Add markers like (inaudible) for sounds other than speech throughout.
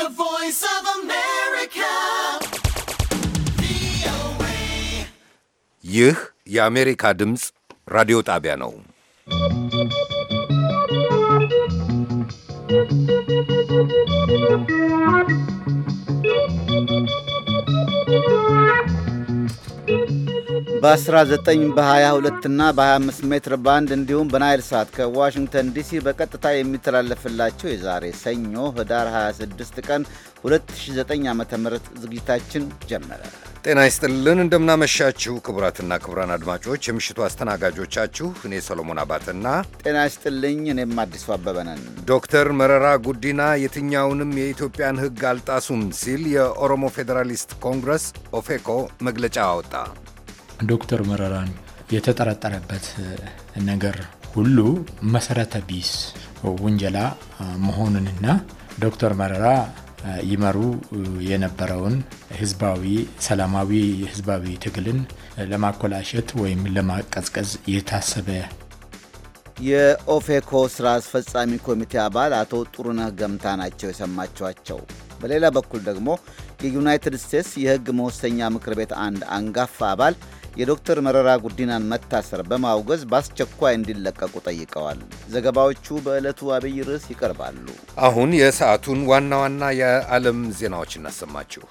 The voice of America. VOA. Yeh, የአሜሪካ ድምፅ ራዲዮ ጣቢያ ነው። በ19 በ22 እና በ25 ሜትር ባንድ እንዲሁም በናይል ሳት ከዋሽንግተን ዲሲ በቀጥታ የሚተላለፍላቸው የዛሬ ሰኞ ህዳር 26 ቀን 2009 ዓ ም ዝግጅታችን ጀመረ። ጤና ይስጥልን፣ እንደምናመሻችሁ ክቡራትና ክቡራን አድማጮች የምሽቱ አስተናጋጆቻችሁ እኔ ሰሎሞን አባትና ጤና ይስጥልኝ እኔም አዲሱ አበበ ነን። ዶክተር መረራ ጉዲና የትኛውንም የኢትዮጵያን ሕግ አልጣሱም ሲል የኦሮሞ ፌዴራሊስት ኮንግረስ ኦፌኮ መግለጫ አወጣ። ዶክተር መረራን የተጠረጠረበት ነገር ሁሉ መሰረተ ቢስ ውንጀላ መሆኑንና ዶክተር መረራ ይመሩ የነበረውን ህዝባዊ ሰላማዊ ህዝባዊ ትግልን ለማኮላሸት ወይም ለማቀዝቀዝ የታሰበ የኦፌኮ ስራ አስፈጻሚ ኮሚቴ አባል አቶ ጥሩነህ ገምታ ናቸው የሰማችኋቸው። በሌላ በኩል ደግሞ የዩናይትድ ስቴትስ የህግ መወሰኛ ምክር ቤት አንድ አንጋፋ አባል የዶክተር መረራ ጉዲናን መታሰር በማውገዝ በአስቸኳይ እንዲለቀቁ ጠይቀዋል። ዘገባዎቹ በዕለቱ አብይ ርዕስ ይቀርባሉ። አሁን የሰዓቱን ዋና ዋና የዓለም ዜናዎች እናሰማችሁ።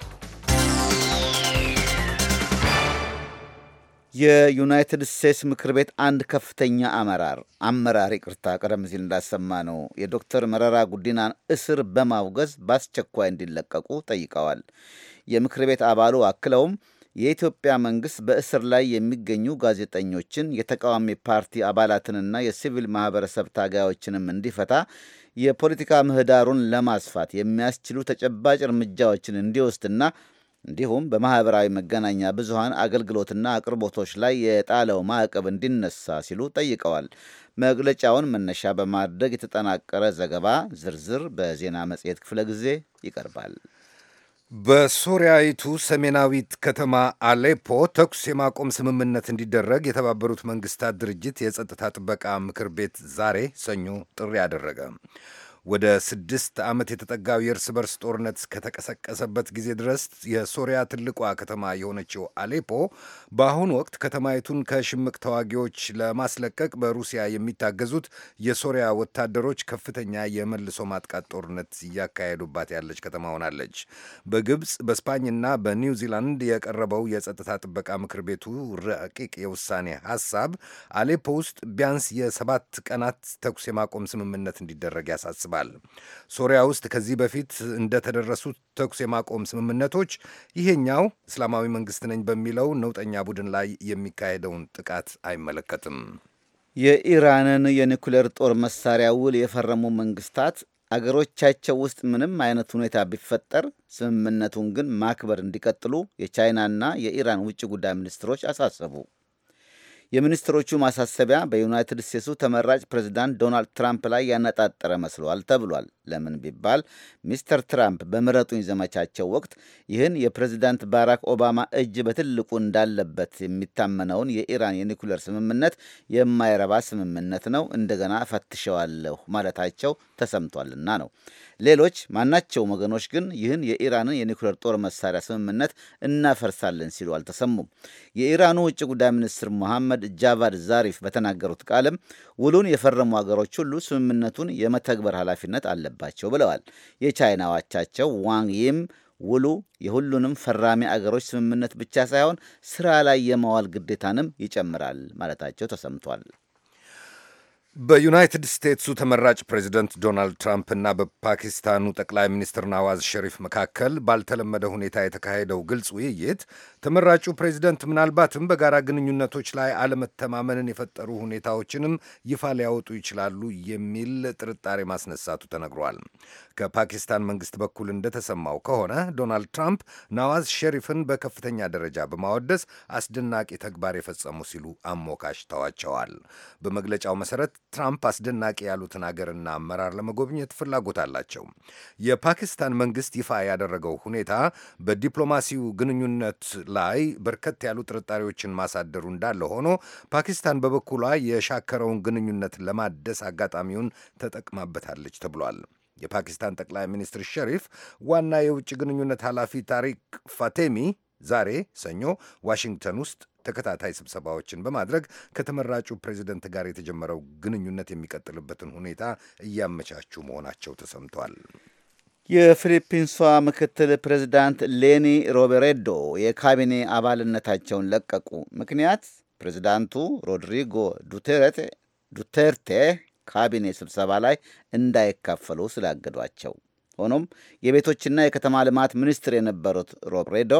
የዩናይትድ ስቴትስ ምክር ቤት አንድ ከፍተኛ አመራር አመራር ይቅርታ፣ ቀደም ሲል እንዳሰማ ነው የዶክተር መረራ ጉዲናን እስር በማውገዝ በአስቸኳይ እንዲለቀቁ ጠይቀዋል። የምክር ቤት አባሉ አክለውም የኢትዮጵያ መንግስት በእስር ላይ የሚገኙ ጋዜጠኞችን፣ የተቃዋሚ ፓርቲ አባላትንና የሲቪል ማህበረሰብ ታጋዮችንም እንዲፈታ የፖለቲካ ምህዳሩን ለማስፋት የሚያስችሉ ተጨባጭ እርምጃዎችን እንዲወስድና እንዲሁም በማህበራዊ መገናኛ ብዙሃን አገልግሎትና አቅርቦቶች ላይ የጣለው ማዕቀብ እንዲነሳ ሲሉ ጠይቀዋል። መግለጫውን መነሻ በማድረግ የተጠናቀረ ዘገባ ዝርዝር በዜና መጽሔት ክፍለ ጊዜ ይቀርባል። በሶሪያዊቱ ሰሜናዊት ከተማ አሌፖ ተኩስ የማቆም ስምምነት እንዲደረግ የተባበሩት መንግስታት ድርጅት የጸጥታ ጥበቃ ምክር ቤት ዛሬ ሰኞ ጥሪ አደረገ። ወደ ስድስት ዓመት የተጠጋው የእርስ በርስ ጦርነት ከተቀሰቀሰበት ጊዜ ድረስ የሶሪያ ትልቋ ከተማ የሆነችው አሌፖ በአሁኑ ወቅት ከተማይቱን ከሽምቅ ተዋጊዎች ለማስለቀቅ በሩሲያ የሚታገዙት የሶሪያ ወታደሮች ከፍተኛ የመልሶ ማጥቃት ጦርነት እያካሄዱባት ያለች ከተማ ሆናለች። በግብፅ በስፓኝና በኒውዚላንድ የቀረበው የጸጥታ ጥበቃ ምክር ቤቱ ረቂቅ የውሳኔ ሀሳብ አሌፖ ውስጥ ቢያንስ የሰባት ቀናት ተኩስ የማቆም ስምምነት እንዲደረግ ያሳስባል። ያሳስባል። ሶሪያ ውስጥ ከዚህ በፊት እንደተደረሱት ተኩስ የማቆም ስምምነቶች ይሄኛው እስላማዊ መንግስት ነኝ በሚለው ነውጠኛ ቡድን ላይ የሚካሄደውን ጥቃት አይመለከትም። የኢራንን የኒኩሌር ጦር መሳሪያ ውል የፈረሙ መንግስታት አገሮቻቸው ውስጥ ምንም አይነት ሁኔታ ቢፈጠር ስምምነቱን ግን ማክበር እንዲቀጥሉ የቻይናና የኢራን ውጭ ጉዳይ ሚኒስትሮች አሳሰቡ። የሚኒስትሮቹ ማሳሰቢያ በዩናይትድ ስቴትሱ ተመራጭ ፕሬዚዳንት ዶናልድ ትራምፕ ላይ ያነጣጠረ መስሏል ተብሏል። ለምን ቢባል ሚስተር ትራምፕ በምረጡኝ ዘመቻቸው ወቅት ይህን የፕሬዚዳንት ባራክ ኦባማ እጅ በትልቁ እንዳለበት የሚታመነውን የኢራን የኒኩለር ስምምነት የማይረባ ስምምነት ነው፣ እንደገና እፈትሸዋለሁ ማለታቸው ተሰምቷልና ነው። ሌሎች ማናቸው ወገኖች ግን ይህን የኢራንን የኒኩለር ጦር መሳሪያ ስምምነት እናፈርሳለን ሲሉ አልተሰሙም። የኢራኑ ውጭ ጉዳይ ሚኒስትር መሐመድ መሐመድ ጃቫድ ዛሪፍ በተናገሩት ቃልም ውሉን የፈረሙ አገሮች ሁሉ ስምምነቱን የመተግበር ኃላፊነት አለባቸው ብለዋል። የቻይና ዋቻቸው ዋንግ ይም ውሉ የሁሉንም ፈራሚ አገሮች ስምምነት ብቻ ሳይሆን ስራ ላይ የመዋል ግዴታንም ይጨምራል ማለታቸው ተሰምቷል። በዩናይትድ ስቴትሱ ተመራጭ ፕሬዚደንት ዶናልድ ትራምፕ እና በፓኪስታኑ ጠቅላይ ሚኒስትር ናዋዝ ሸሪፍ መካከል ባልተለመደ ሁኔታ የተካሄደው ግልጽ ውይይት ተመራጩ ፕሬዚደንት ምናልባትም በጋራ ግንኙነቶች ላይ አለመተማመንን የፈጠሩ ሁኔታዎችንም ይፋ ሊያወጡ ይችላሉ የሚል ጥርጣሬ ማስነሳቱ ተነግሯል። ከፓኪስታን መንግስት በኩል እንደተሰማው ከሆነ ዶናልድ ትራምፕ ናዋዝ ሸሪፍን በከፍተኛ ደረጃ በማወደስ አስደናቂ ተግባር የፈጸሙ ሲሉ አሞካሽተዋቸዋል። በመግለጫው መሰረት ትራምፕ አስደናቂ ያሉትን አገርና አመራር ለመጎብኘት ፍላጎት አላቸው። የፓኪስታን መንግስት ይፋ ያደረገው ሁኔታ በዲፕሎማሲው ግንኙነት ላይ በርከት ያሉ ጥርጣሬዎችን ማሳደሩ እንዳለ ሆኖ ፓኪስታን በበኩሏ የሻከረውን ግንኙነት ለማደስ አጋጣሚውን ተጠቅማበታለች ተብሏል። የፓኪስታን ጠቅላይ ሚኒስትር ሸሪፍ ዋና የውጭ ግንኙነት ኃላፊ ታሪክ ፋቴሚ ዛሬ ሰኞ ዋሽንግተን ውስጥ ተከታታይ ስብሰባዎችን በማድረግ ከተመራጩ ፕሬዚደንት ጋር የተጀመረው ግንኙነት የሚቀጥልበትን ሁኔታ እያመቻቹ መሆናቸው ተሰምቷል። የፊሊፒንሷ ምክትል ፕሬዚዳንት ሌኒ ሮቤሬዶ የካቢኔ አባልነታቸውን ለቀቁ። ምክንያት ፕሬዚዳንቱ ሮድሪጎ ዱቴርቴ ካቢኔ ስብሰባ ላይ እንዳይካፈሉ ስላገዷቸው። ሆኖም የቤቶችና የከተማ ልማት ሚኒስትር የነበሩት ሮብሬዶ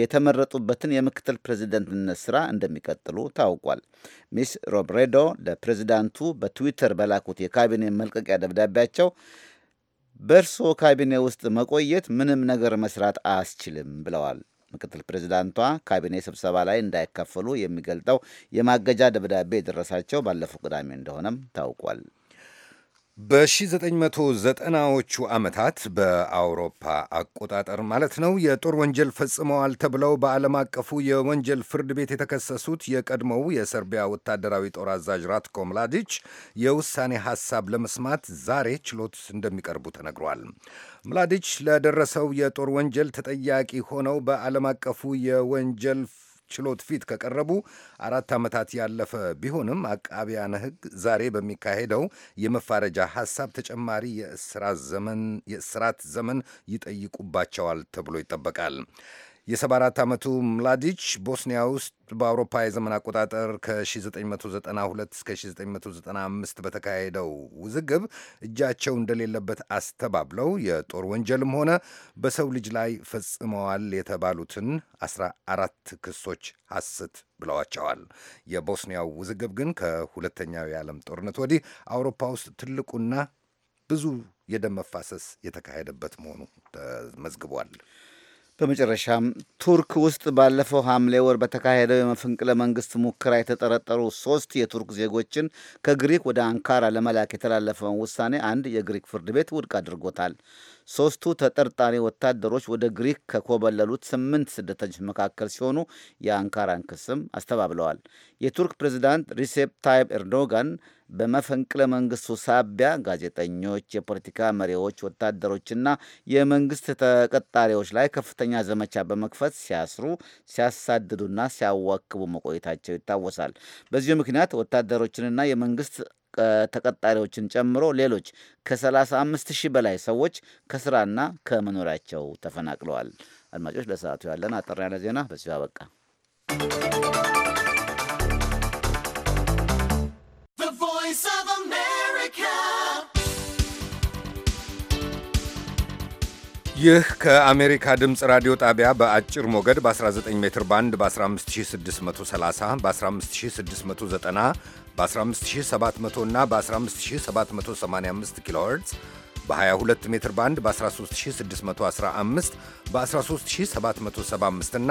የተመረጡበትን የምክትል ፕሬዚደንትነት ስራ እንደሚቀጥሉ ታውቋል። ሚስ ሮብሬዶ ለፕሬዚዳንቱ በትዊተር በላኩት የካቢኔ መልቀቂያ ደብዳቤያቸው በእርስዎ ካቢኔ ውስጥ መቆየት ምንም ነገር መስራት አያስችልም ብለዋል። ምክትል ፕሬዚዳንቷ ካቢኔ ስብሰባ ላይ እንዳይካፈሉ የሚገልጠው የማገጃ ደብዳቤ የደረሳቸው ባለፈው ቅዳሜ እንደሆነም ታውቋል። በ1990ዎቹ ዓመታት በአውሮፓ አቆጣጠር ማለት ነው የጦር ወንጀል ፈጽመዋል ተብለው በዓለም አቀፉ የወንጀል ፍርድ ቤት የተከሰሱት የቀድሞው የሰርቢያ ወታደራዊ ጦር አዛዥ ራትኮ ምላዲች የውሳኔ ሐሳብ ለመስማት ዛሬ ችሎት እንደሚቀርቡ ተነግሯል። ምላዲች ለደረሰው የጦር ወንጀል ተጠያቂ ሆነው በዓለም አቀፉ የወንጀል ችሎት ፊት ከቀረቡ አራት ዓመታት ያለፈ ቢሆንም አቃቢያነ ሕግ ዛሬ በሚካሄደው የመፋረጃ ሐሳብ ተጨማሪ የእስራት ዘመን ይጠይቁባቸዋል ተብሎ ይጠበቃል። የ74 ዓመቱ ምላዲች ቦስኒያ ውስጥ በአውሮፓ የዘመን አቆጣጠር ከ1992 እስከ 1995 በተካሄደው ውዝግብ እጃቸው እንደሌለበት አስተባብለው የጦር ወንጀልም ሆነ በሰው ልጅ ላይ ፈጽመዋል የተባሉትን 14 ክሶች ሐሰት ብለዋቸዋል። የቦስኒያው ውዝግብ ግን ከሁለተኛው የዓለም ጦርነት ወዲህ አውሮፓ ውስጥ ትልቁና ብዙ የደም መፋሰስ የተካሄደበት መሆኑ ተመዝግቧል። በመጨረሻም ቱርክ ውስጥ ባለፈው ሐምሌ ወር በተካሄደው የመፈንቅለ መንግስት ሙከራ የተጠረጠሩ ሶስት የቱርክ ዜጎችን ከግሪክ ወደ አንካራ ለመላክ የተላለፈውን ውሳኔ አንድ የግሪክ ፍርድ ቤት ውድቅ አድርጎታል። ሦስቱ ተጠርጣሪ ወታደሮች ወደ ግሪክ ከኮበለሉት ስምንት ስደተኞች መካከል ሲሆኑ የአንካራን ክስም አስተባብለዋል። የቱርክ ፕሬዚዳንት ሪሴፕ ታይብ ኤርዶጋን በመፈንቅለ መንግስቱ ሳቢያ ጋዜጠኞች፣ የፖለቲካ መሪዎች፣ ወታደሮችና የመንግስት ተቀጣሪዎች ላይ ከፍተኛ ዘመቻ በመክፈት ሲያስሩ፣ ሲያሳድዱና ሲያዋክቡ መቆየታቸው ይታወሳል። በዚሁ ምክንያት ወታደሮችንና የመንግስት ተቀጣሪዎችን ጨምሮ ሌሎች ከ35 ሺህ በላይ ሰዎች ከስራና ከመኖሪያቸው ተፈናቅለዋል። አድማጮች፣ ለሰዓቱ ያለን አጠር ያለ ዜና በዚሁ አበቃ። ይህ ከአሜሪካ ድምፅ ራዲዮ ጣቢያ በአጭር ሞገድ በ19 ሜትር ባንድ በ15630 በ15690 በ15700 እና በ15785 ኪሎ በ22 ሜትር ባንድ በ13615 በ13775 እና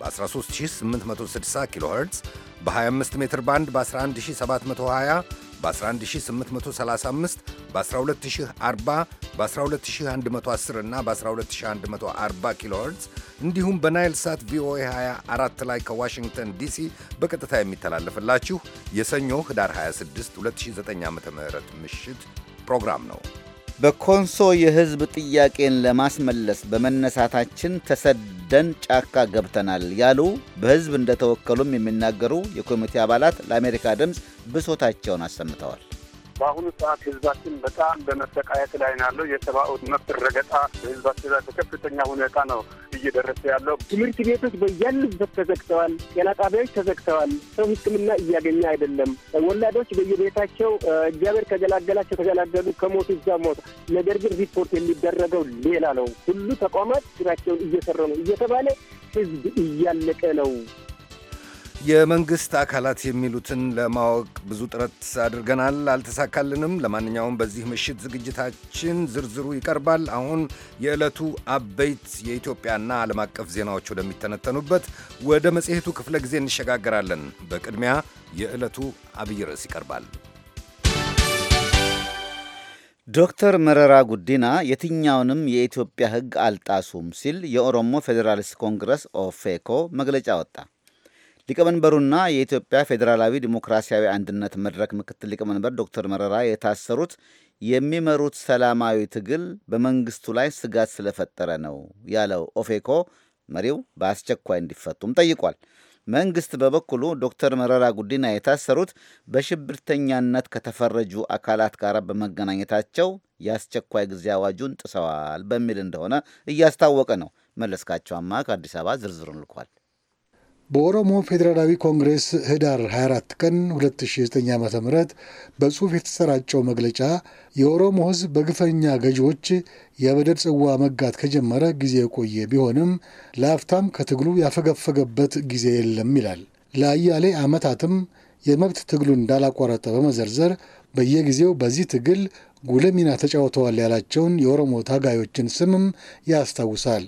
በ13860 ኪሎ ሄርዝ በ25 ሜትር ባንድ በ11720 በ11835 በ12040 በ12110 እና በ12140 ኪሎ ሄርትዝ እንዲሁም በናይል ሳት ቪኦኤ 24 ላይ ከዋሽንግተን ዲሲ በቀጥታ የሚተላለፍላችሁ የሰኞ ህዳር 26 2009 ዓ.ም ምሽት ፕሮግራም ነው። በኮንሶ የህዝብ ጥያቄን ለማስመለስ በመነሳታችን ተሰደን ጫካ ገብተናል ያሉ በህዝብ እንደተወከሉም የሚናገሩ የኮሚቴ አባላት ለአሜሪካ ድምፅ ብሶታቸውን አሰምተዋል። በአሁኑ ሰዓት ህዝባችን በጣም በመሰቃየት ላይ ነው ያለው። የሰብአዊ መብት ረገጣ በህዝባችን ላይ በከፍተኛ ሁኔታ ነው እየደረሰ ያለው። ትምህርት ቤቶች በያሉበት ተዘግተዋል። ጤና ጣቢያዎች ተዘግተዋል። ሰው ሕክምና እያገኘ አይደለም። ወላዶች በየቤታቸው እግዚአብሔር ከገላገላቸው ተገላገሉ፣ ከሞቱ እዛ ሞት። ነገር ግን ሪፖርት የሚደረገው ሌላ ነው። ሁሉ ተቋማት ስራቸውን እየሰሩ ነው እየተባለ ህዝብ እያለቀ ነው። የመንግስት አካላት የሚሉትን ለማወቅ ብዙ ጥረት አድርገናል፣ አልተሳካልንም። ለማንኛውም በዚህ ምሽት ዝግጅታችን ዝርዝሩ ይቀርባል። አሁን የዕለቱ አበይት የኢትዮጵያና ዓለም አቀፍ ዜናዎች ወደሚተነተኑበት ወደ መጽሔቱ ክፍለ ጊዜ እንሸጋገራለን። በቅድሚያ የዕለቱ አብይ ርዕስ ይቀርባል። ዶክተር መረራ ጉዲና የትኛውንም የኢትዮጵያ ሕግ አልጣሱም ሲል የኦሮሞ ፌዴራሊስት ኮንግረስ ኦፌኮ መግለጫ ወጣ። ሊቀመንበሩና የኢትዮጵያ ፌዴራላዊ ዲሞክራሲያዊ አንድነት መድረክ ምክትል ሊቀመንበር ዶክተር መረራ የታሰሩት የሚመሩት ሰላማዊ ትግል በመንግስቱ ላይ ስጋት ስለፈጠረ ነው ያለው ኦፌኮ መሪው በአስቸኳይ እንዲፈቱም ጠይቋል። መንግስት በበኩሉ ዶክተር መረራ ጉዲና የታሰሩት በሽብርተኛነት ከተፈረጁ አካላት ጋር በመገናኘታቸው የአስቸኳይ ጊዜ አዋጁን ጥሰዋል በሚል እንደሆነ እያስታወቀ ነው። መለስካቸዋማ ከአዲስ አበባ ዝርዝሩን ልኳል። በኦሮሞ ፌዴራላዊ ኮንግሬስ ህዳር 24 ቀን 2009 ዓ ም በጽሑፍ የተሰራጨው መግለጫ የኦሮሞ ህዝብ በግፈኛ ገዢዎች የበደል ጽዋ መጋት ከጀመረ ጊዜ የቆየ ቢሆንም ለአፍታም ከትግሉ ያፈገፈገበት ጊዜ የለም ይላል። ለአያሌ ዓመታትም የመብት ትግሉን እንዳላቋረጠ በመዘርዘር በየጊዜው በዚህ ትግል ጉልህ ሚና ተጫውተዋል ያላቸውን የኦሮሞ ታጋዮችን ስምም ያስታውሳል።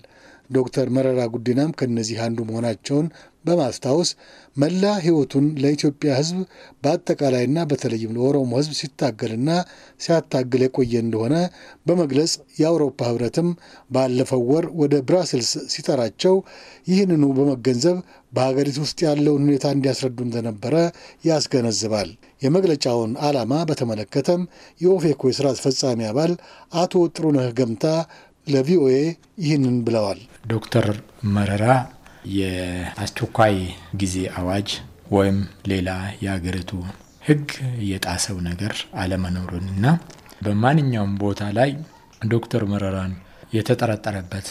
ዶክተር መረራ ጉዲናም ከእነዚህ አንዱ መሆናቸውን በማስታወስ መላ ሕይወቱን ለኢትዮጵያ ሕዝብ በአጠቃላይና በተለይም ለኦሮሞ ሕዝብ ሲታገልና ሲያታግል የቆየ እንደሆነ በመግለጽ የአውሮፓ ሕብረትም ባለፈው ወር ወደ ብራስልስ ሲጠራቸው ይህንኑ በመገንዘብ በሀገሪቱ ውስጥ ያለውን ሁኔታ እንዲያስረዱ እንደነበረ ያስገነዝባል። የመግለጫውን ዓላማ በተመለከተም የኦፌኮ የስራ አስፈጻሚ አባል አቶ ጥሩነህ ገምታ ለቪኦኤ ይህንን ብለዋል። ዶክተር መረራ የአስቸኳይ ጊዜ አዋጅ ወይም ሌላ የሀገሪቱ ህግ የጣሰው ነገር አለመኖሩንና በማንኛውም ቦታ ላይ ዶክተር መረራን የተጠረጠረበት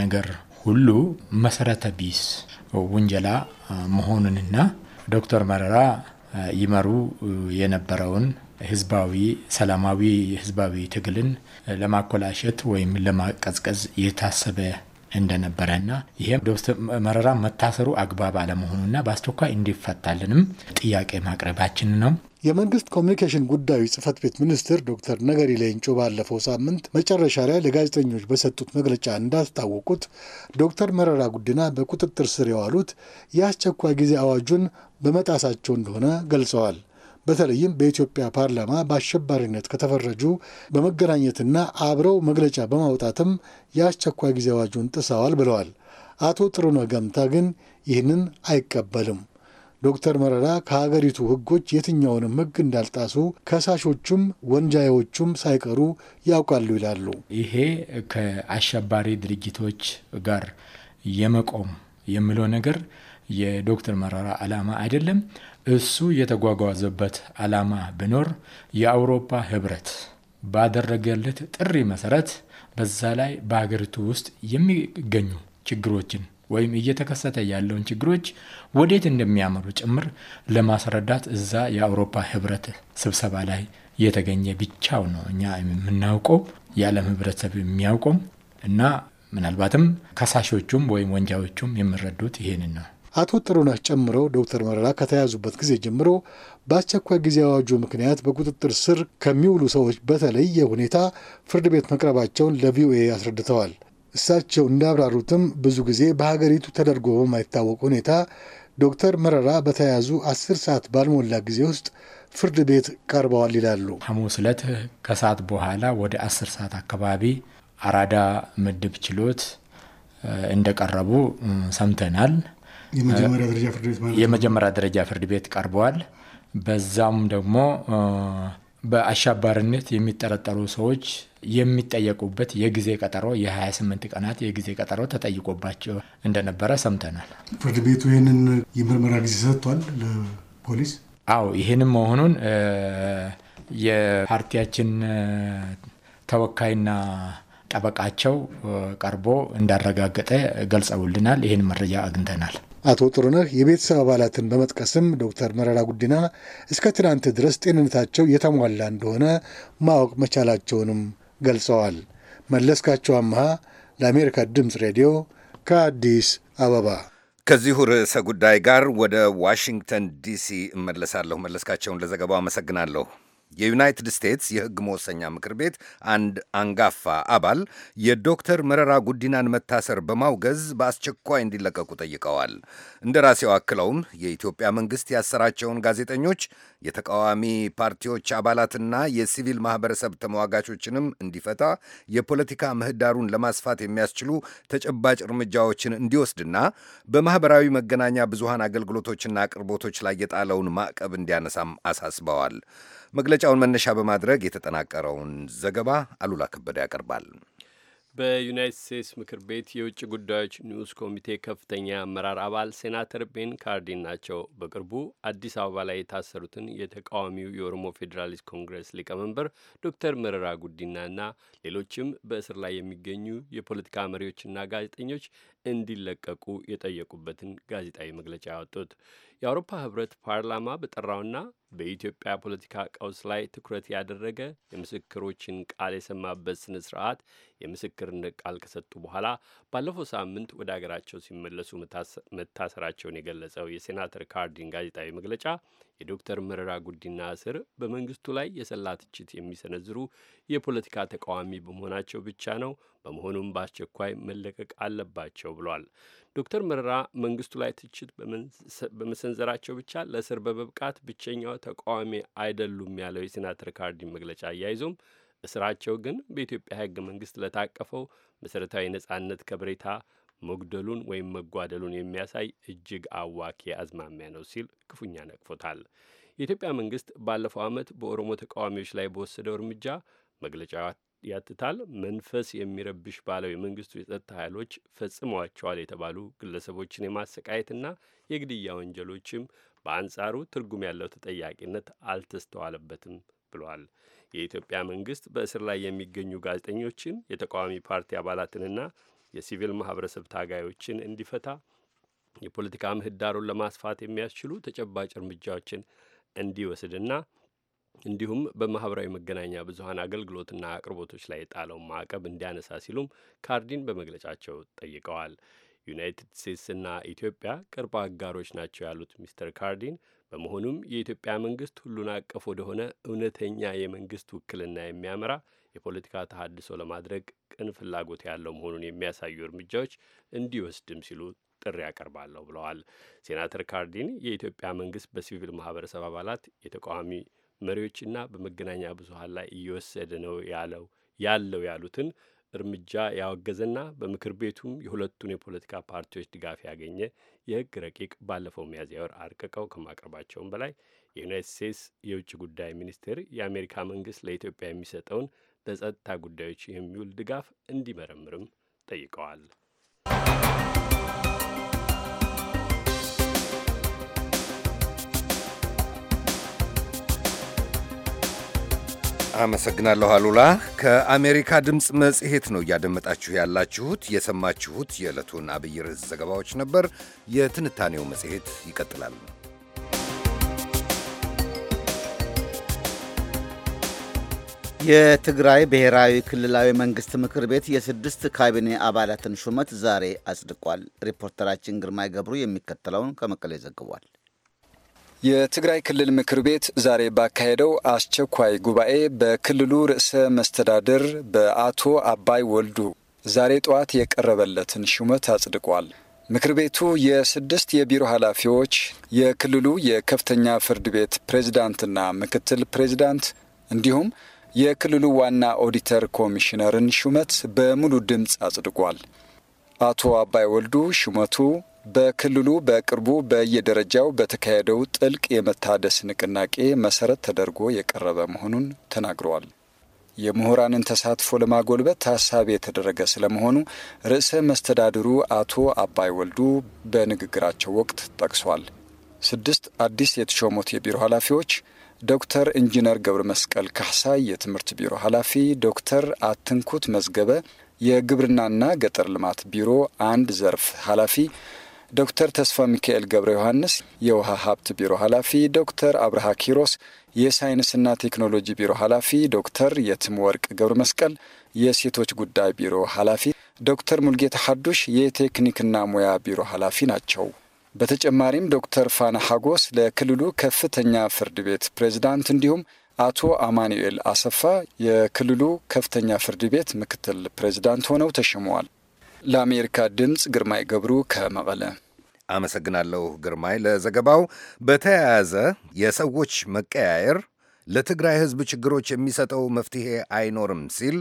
ነገር ሁሉ መሰረተ ቢስ ውንጀላ መሆኑንና ዶክተር መረራ ይመሩ የነበረውን ህዝባዊ ሰላማዊ ህዝባዊ ትግልን ለማኮላሸት ወይም ለማቀዝቀዝ የታሰበ እንደነበረና ይህም ዶክተር መረራ መታሰሩ አግባብ አለመሆኑና በአስቸኳይ እንዲፈታልንም ጥያቄ ማቅረባችን ነው። የመንግስት ኮሚኒኬሽን ጉዳዮች ጽህፈት ቤት ሚኒስትር ዶክተር ነገሪ ሌንጮ ባለፈው ሳምንት መጨረሻ ላይ ለጋዜጠኞች በሰጡት መግለጫ እንዳስታወቁት ዶክተር መረራ ጉዲና በቁጥጥር ስር የዋሉት የአስቸኳይ ጊዜ አዋጁን በመጣሳቸው እንደሆነ ገልጸዋል። በተለይም በኢትዮጵያ ፓርላማ በአሸባሪነት ከተፈረጁ በመገናኘትና አብረው መግለጫ በማውጣትም የአስቸኳይ ጊዜ አዋጁን ጥሰዋል ብለዋል። አቶ ጥሩነህ ገምታ ግን ይህንን አይቀበልም። ዶክተር መረራ ከሀገሪቱ ሕጎች የትኛውንም ሕግ እንዳልጣሱ ከሳሾቹም ወንጃዮቹም ሳይቀሩ ያውቃሉ ይላሉ። ይሄ ከአሸባሪ ድርጅቶች ጋር የመቆም የሚለው ነገር የዶክተር መረራ ዓላማ አይደለም። እሱ የተጓጓዘበት ዓላማ ቢኖር የአውሮፓ ህብረት ባደረገለት ጥሪ መሰረት በዛ ላይ በሀገሪቱ ውስጥ የሚገኙ ችግሮችን ወይም እየተከሰተ ያለውን ችግሮች ወዴት እንደሚያመሩ ጭምር ለማስረዳት እዛ የአውሮፓ ህብረት ስብሰባ ላይ የተገኘ ብቻው ነው እኛ የምናውቀው የዓለም ህብረተሰብ የሚያውቀው እና ምናልባትም ከሳሾቹም ወይም ወንጃዎቹም የሚረዱት ይሄንን ነው። አቶ ጥሩነህ ጨምሮ ዶክተር መረራ ከተያዙበት ጊዜ ጀምሮ በአስቸኳይ ጊዜ አዋጁ ምክንያት በቁጥጥር ስር ከሚውሉ ሰዎች በተለየ ሁኔታ ፍርድ ቤት መቅረባቸውን ለቪኦኤ አስረድተዋል። እሳቸው እንዳብራሩትም ብዙ ጊዜ በሀገሪቱ ተደርጎ በማይታወቅ ሁኔታ ዶክተር መረራ በተያዙ አስር ሰዓት ባልሞላ ጊዜ ውስጥ ፍርድ ቤት ቀርበዋል ይላሉ። ሐሙስ ዕለት ከሰዓት በኋላ ወደ አስር ሰዓት አካባቢ አራዳ ምድብ ችሎት እንደቀረቡ ሰምተናል። የመጀመሪያ ደረጃ ፍርድ ቤት ቀርበዋል። በዛም ደግሞ በአሸባሪነት የሚጠረጠሩ ሰዎች የሚጠየቁበት የጊዜ ቀጠሮ የ28 ቀናት የጊዜ ቀጠሮ ተጠይቆባቸው እንደነበረ ሰምተናል። ፍርድ ቤቱ ይህንን የምርመራ ጊዜ ሰጥቷል ለፖሊስ። አዎ ይህንም መሆኑን የፓርቲያችን ተወካይና ጠበቃቸው ቀርቦ እንዳረጋገጠ ገልጸውልናል። ይህን መረጃ አግኝተናል። አቶ ጥሩነህ የቤተሰብ አባላትን በመጥቀስም ዶክተር መረራ ጉዲና እስከ ትናንት ድረስ ጤንነታቸው የተሟላ እንደሆነ ማወቅ መቻላቸውንም ገልጸዋል። መለስካቸው አምሃ ለአሜሪካ ድምፅ ሬዲዮ ከአዲስ አበባ። ከዚሁ ርዕሰ ጉዳይ ጋር ወደ ዋሽንግተን ዲሲ እመለሳለሁ። መለስካቸውን ለዘገባው አመሰግናለሁ። የዩናይትድ ስቴትስ የሕግ መወሰኛ ምክር ቤት አንድ አንጋፋ አባል የዶክተር መረራ ጉዲናን መታሰር በማውገዝ በአስቸኳይ እንዲለቀቁ ጠይቀዋል። ራሴው አክለውም የኢትዮጵያ መንግሥት ያሰራቸውን ጋዜጠኞች፣ የተቃዋሚ ፓርቲዎች አባላትና የሲቪል ማኅበረሰብ ተሟጋቾችንም እንዲፈታ የፖለቲካ ምህዳሩን ለማስፋት የሚያስችሉ ተጨባጭ እርምጃዎችን እንዲወስድና በማኅበራዊ መገናኛ ብዙሃን አገልግሎቶችና አቅርቦቶች ላይ የጣለውን ማዕቀብ እንዲያነሳም አሳስበዋል። መግለጫውን መነሻ በማድረግ የተጠናቀረውን ዘገባ አሉላ ከበደ ያቀርባል። በዩናይትድ ስቴትስ ምክር ቤት የውጭ ጉዳዮች ንዑስ ኮሚቴ ከፍተኛ አመራር አባል ሴናተር ቤን ካርዲን ናቸው። በቅርቡ አዲስ አበባ ላይ የታሰሩትን የተቃዋሚው የኦሮሞ ፌዴራሊስት ኮንግረስ ሊቀመንበር ዶክተር መረራ ጉዲናና ሌሎችም በእስር ላይ የሚገኙ የፖለቲካ መሪዎችና ጋዜጠኞች እንዲለቀቁ የጠየቁበትን ጋዜጣዊ መግለጫ ያወጡት የአውሮፓ ህብረት ፓርላማ በጠራውና በኢትዮጵያ ፖለቲካ ቀውስ ላይ ትኩረት ያደረገ የምስክሮችን ቃል የሰማበት ስነ ስርዓት የምስክርነት ቃል ከሰጡ በኋላ ባለፈው ሳምንት ወደ አገራቸው ሲመለሱ መታሰራቸውን የገለጸው የሴናተር ካርዲን ጋዜጣዊ መግለጫ የዶክተር መረራ ጉዲና እስር በመንግስቱ ላይ የሰላ ትችት የሚሰነዝሩ የፖለቲካ ተቃዋሚ በመሆናቸው ብቻ ነው። በመሆኑም በአስቸኳይ መለቀቅ አለባቸው ብሏል። ዶክተር መረራ መንግስቱ ላይ ትችት በመሰንዘራቸው ብቻ ለእስር በመብቃት ብቸኛው ተቃዋሚ አይደሉም ያለው የሴናተር ካርዲን መግለጫ አያይዞም እስራቸው ግን በኢትዮጵያ ህገ መንግስት ለታቀፈው መሠረታዊ ነጻነት ከብሬታ መጉደሉን ወይም መጓደሉን የሚያሳይ እጅግ አዋኪ አዝማሚያ ነው ሲል ክፉኛ ነቅፎታል። የኢትዮጵያ መንግስት ባለፈው ዓመት በኦሮሞ ተቃዋሚዎች ላይ በወሰደው እርምጃ መግለጫ ያትታል። መንፈስ የሚረብሽ ባለው የመንግስቱ የጸጥታ ኃይሎች ፈጽመዋቸዋል የተባሉ ግለሰቦችን የማሰቃየትና የግድያ ወንጀሎችም በአንጻሩ ትርጉም ያለው ተጠያቂነት አልተስተዋለበትም ብሏል። የኢትዮጵያ መንግስት በእስር ላይ የሚገኙ ጋዜጠኞችን፣ የተቃዋሚ ፓርቲ አባላትንና የሲቪል ማህበረሰብ ታጋዮችን እንዲፈታ የፖለቲካ ምህዳሩን ለማስፋት የሚያስችሉ ተጨባጭ እርምጃዎችን እንዲወስድና እንዲሁም በማህበራዊ መገናኛ ብዙሀን አገልግሎትና አቅርቦቶች ላይ የጣለውን ማዕቀብ እንዲያነሳ ሲሉም ካርዲን በመግለጫቸው ጠይቀዋል። ዩናይትድ ስቴትስና ኢትዮጵያ ቅርብ አጋሮች ናቸው ያሉት ሚስተር ካርዲን በመሆኑም የኢትዮጵያ መንግስት ሁሉን አቀፍ ወደሆነ እውነተኛ የመንግስት ውክልና የሚያመራ የፖለቲካ ተሃድሶ ለማድረግ ቅን ፍላጎት ያለው መሆኑን የሚያሳዩ እርምጃዎች እንዲወስድም ሲሉ ጥሪ ያቀርባለሁ ብለዋል። ሴናተር ካርዲን የኢትዮጵያ መንግስት በሲቪል ማህበረሰብ አባላት፣ የተቃዋሚ መሪዎችና በመገናኛ ብዙሀን ላይ እየወሰደ ነው ያለው ያለው ያሉትን እርምጃ ያወገዘና በምክር ቤቱም የሁለቱን የፖለቲካ ፓርቲዎች ድጋፍ ያገኘ የህግ ረቂቅ ባለፈው ሚያዝያ ወር አርቅቀው ከማቅረባቸውም በላይ የዩናይትድ ስቴትስ የውጭ ጉዳይ ሚኒስቴር የአሜሪካ መንግስት ለኢትዮጵያ የሚሰጠውን ለጸጥታ ጉዳዮች የሚውል ድጋፍ እንዲመረምርም ጠይቀዋል። አመሰግናለሁ አሉላ። ከአሜሪካ ድምፅ መጽሔት ነው እያደመጣችሁ ያላችሁት። የሰማችሁት የዕለቱን አብይ ርዕስ ዘገባዎች ነበር። የትንታኔው መጽሔት ይቀጥላል። የትግራይ ብሔራዊ ክልላዊ መንግስት ምክር ቤት የስድስት ካቢኔ አባላትን ሹመት ዛሬ አጽድቋል። ሪፖርተራችን ግርማይ ገብሩ የሚከተለውን ከመቀሌ ዘግቧል። የትግራይ ክልል ምክር ቤት ዛሬ ባካሄደው አስቸኳይ ጉባኤ በክልሉ ርዕሰ መስተዳድር በአቶ አባይ ወልዱ ዛሬ ጠዋት የቀረበለትን ሹመት አጽድቋል። ምክር ቤቱ የስድስት የቢሮ ኃላፊዎች፣ የክልሉ የከፍተኛ ፍርድ ቤት ፕሬዝዳንትና ምክትል ፕሬዝዳንት እንዲሁም የክልሉ ዋና ኦዲተር ኮሚሽነርን ሹመት በሙሉ ድምፅ አጽድቋል። አቶ አባይ ወልዱ ሹመቱ በክልሉ በቅርቡ በየደረጃው በተካሄደው ጥልቅ የመታደስ ንቅናቄ መሰረት ተደርጎ የቀረበ መሆኑን ተናግረዋል። የምሁራንን ተሳትፎ ለማጎልበት ታሳቢ የተደረገ ስለመሆኑ ርዕሰ መስተዳድሩ አቶ አባይ ወልዱ በንግግራቸው ወቅት ጠቅሷል። ስድስት አዲስ የተሾሙት የቢሮ ኃላፊዎች ዶክተር ኢንጂነር ገብረ መስቀል ካሳይ የትምህርት ቢሮ ኃላፊ፣ ዶክተር አትንኩት መዝገበ የግብርናና ገጠር ልማት ቢሮ አንድ ዘርፍ ኃላፊ ዶክተር ተስፋ ሚካኤል ገብረ ዮሐንስ የውሃ ሀብት ቢሮ ኃላፊ፣ ዶክተር አብርሃ ኪሮስ የሳይንስና ቴክኖሎጂ ቢሮ ኃላፊ፣ ዶክተር የትም ወርቅ ገብረ መስቀል የሴቶች ጉዳይ ቢሮ ኃላፊ፣ ዶክተር ሙልጌታ ሐዱሽ የቴክኒክና ሙያ ቢሮ ኃላፊ ናቸው። በተጨማሪም ዶክተር ፋና ሐጎስ ለክልሉ ከፍተኛ ፍርድ ቤት ፕሬዝዳንት እንዲሁም አቶ አማኑኤል አሰፋ የክልሉ ከፍተኛ ፍርድ ቤት ምክትል ፕሬዝዳንት ሆነው ተሽመዋል። ለአሜሪካ ድምፅ ግርማይ ገብሩ ከመቀለ አመሰግናለሁ። ግርማይ ለዘገባው። በተያያዘ የሰዎች መቀያየር ለትግራይ ሕዝብ ችግሮች የሚሰጠው መፍትሄ አይኖርም ሲል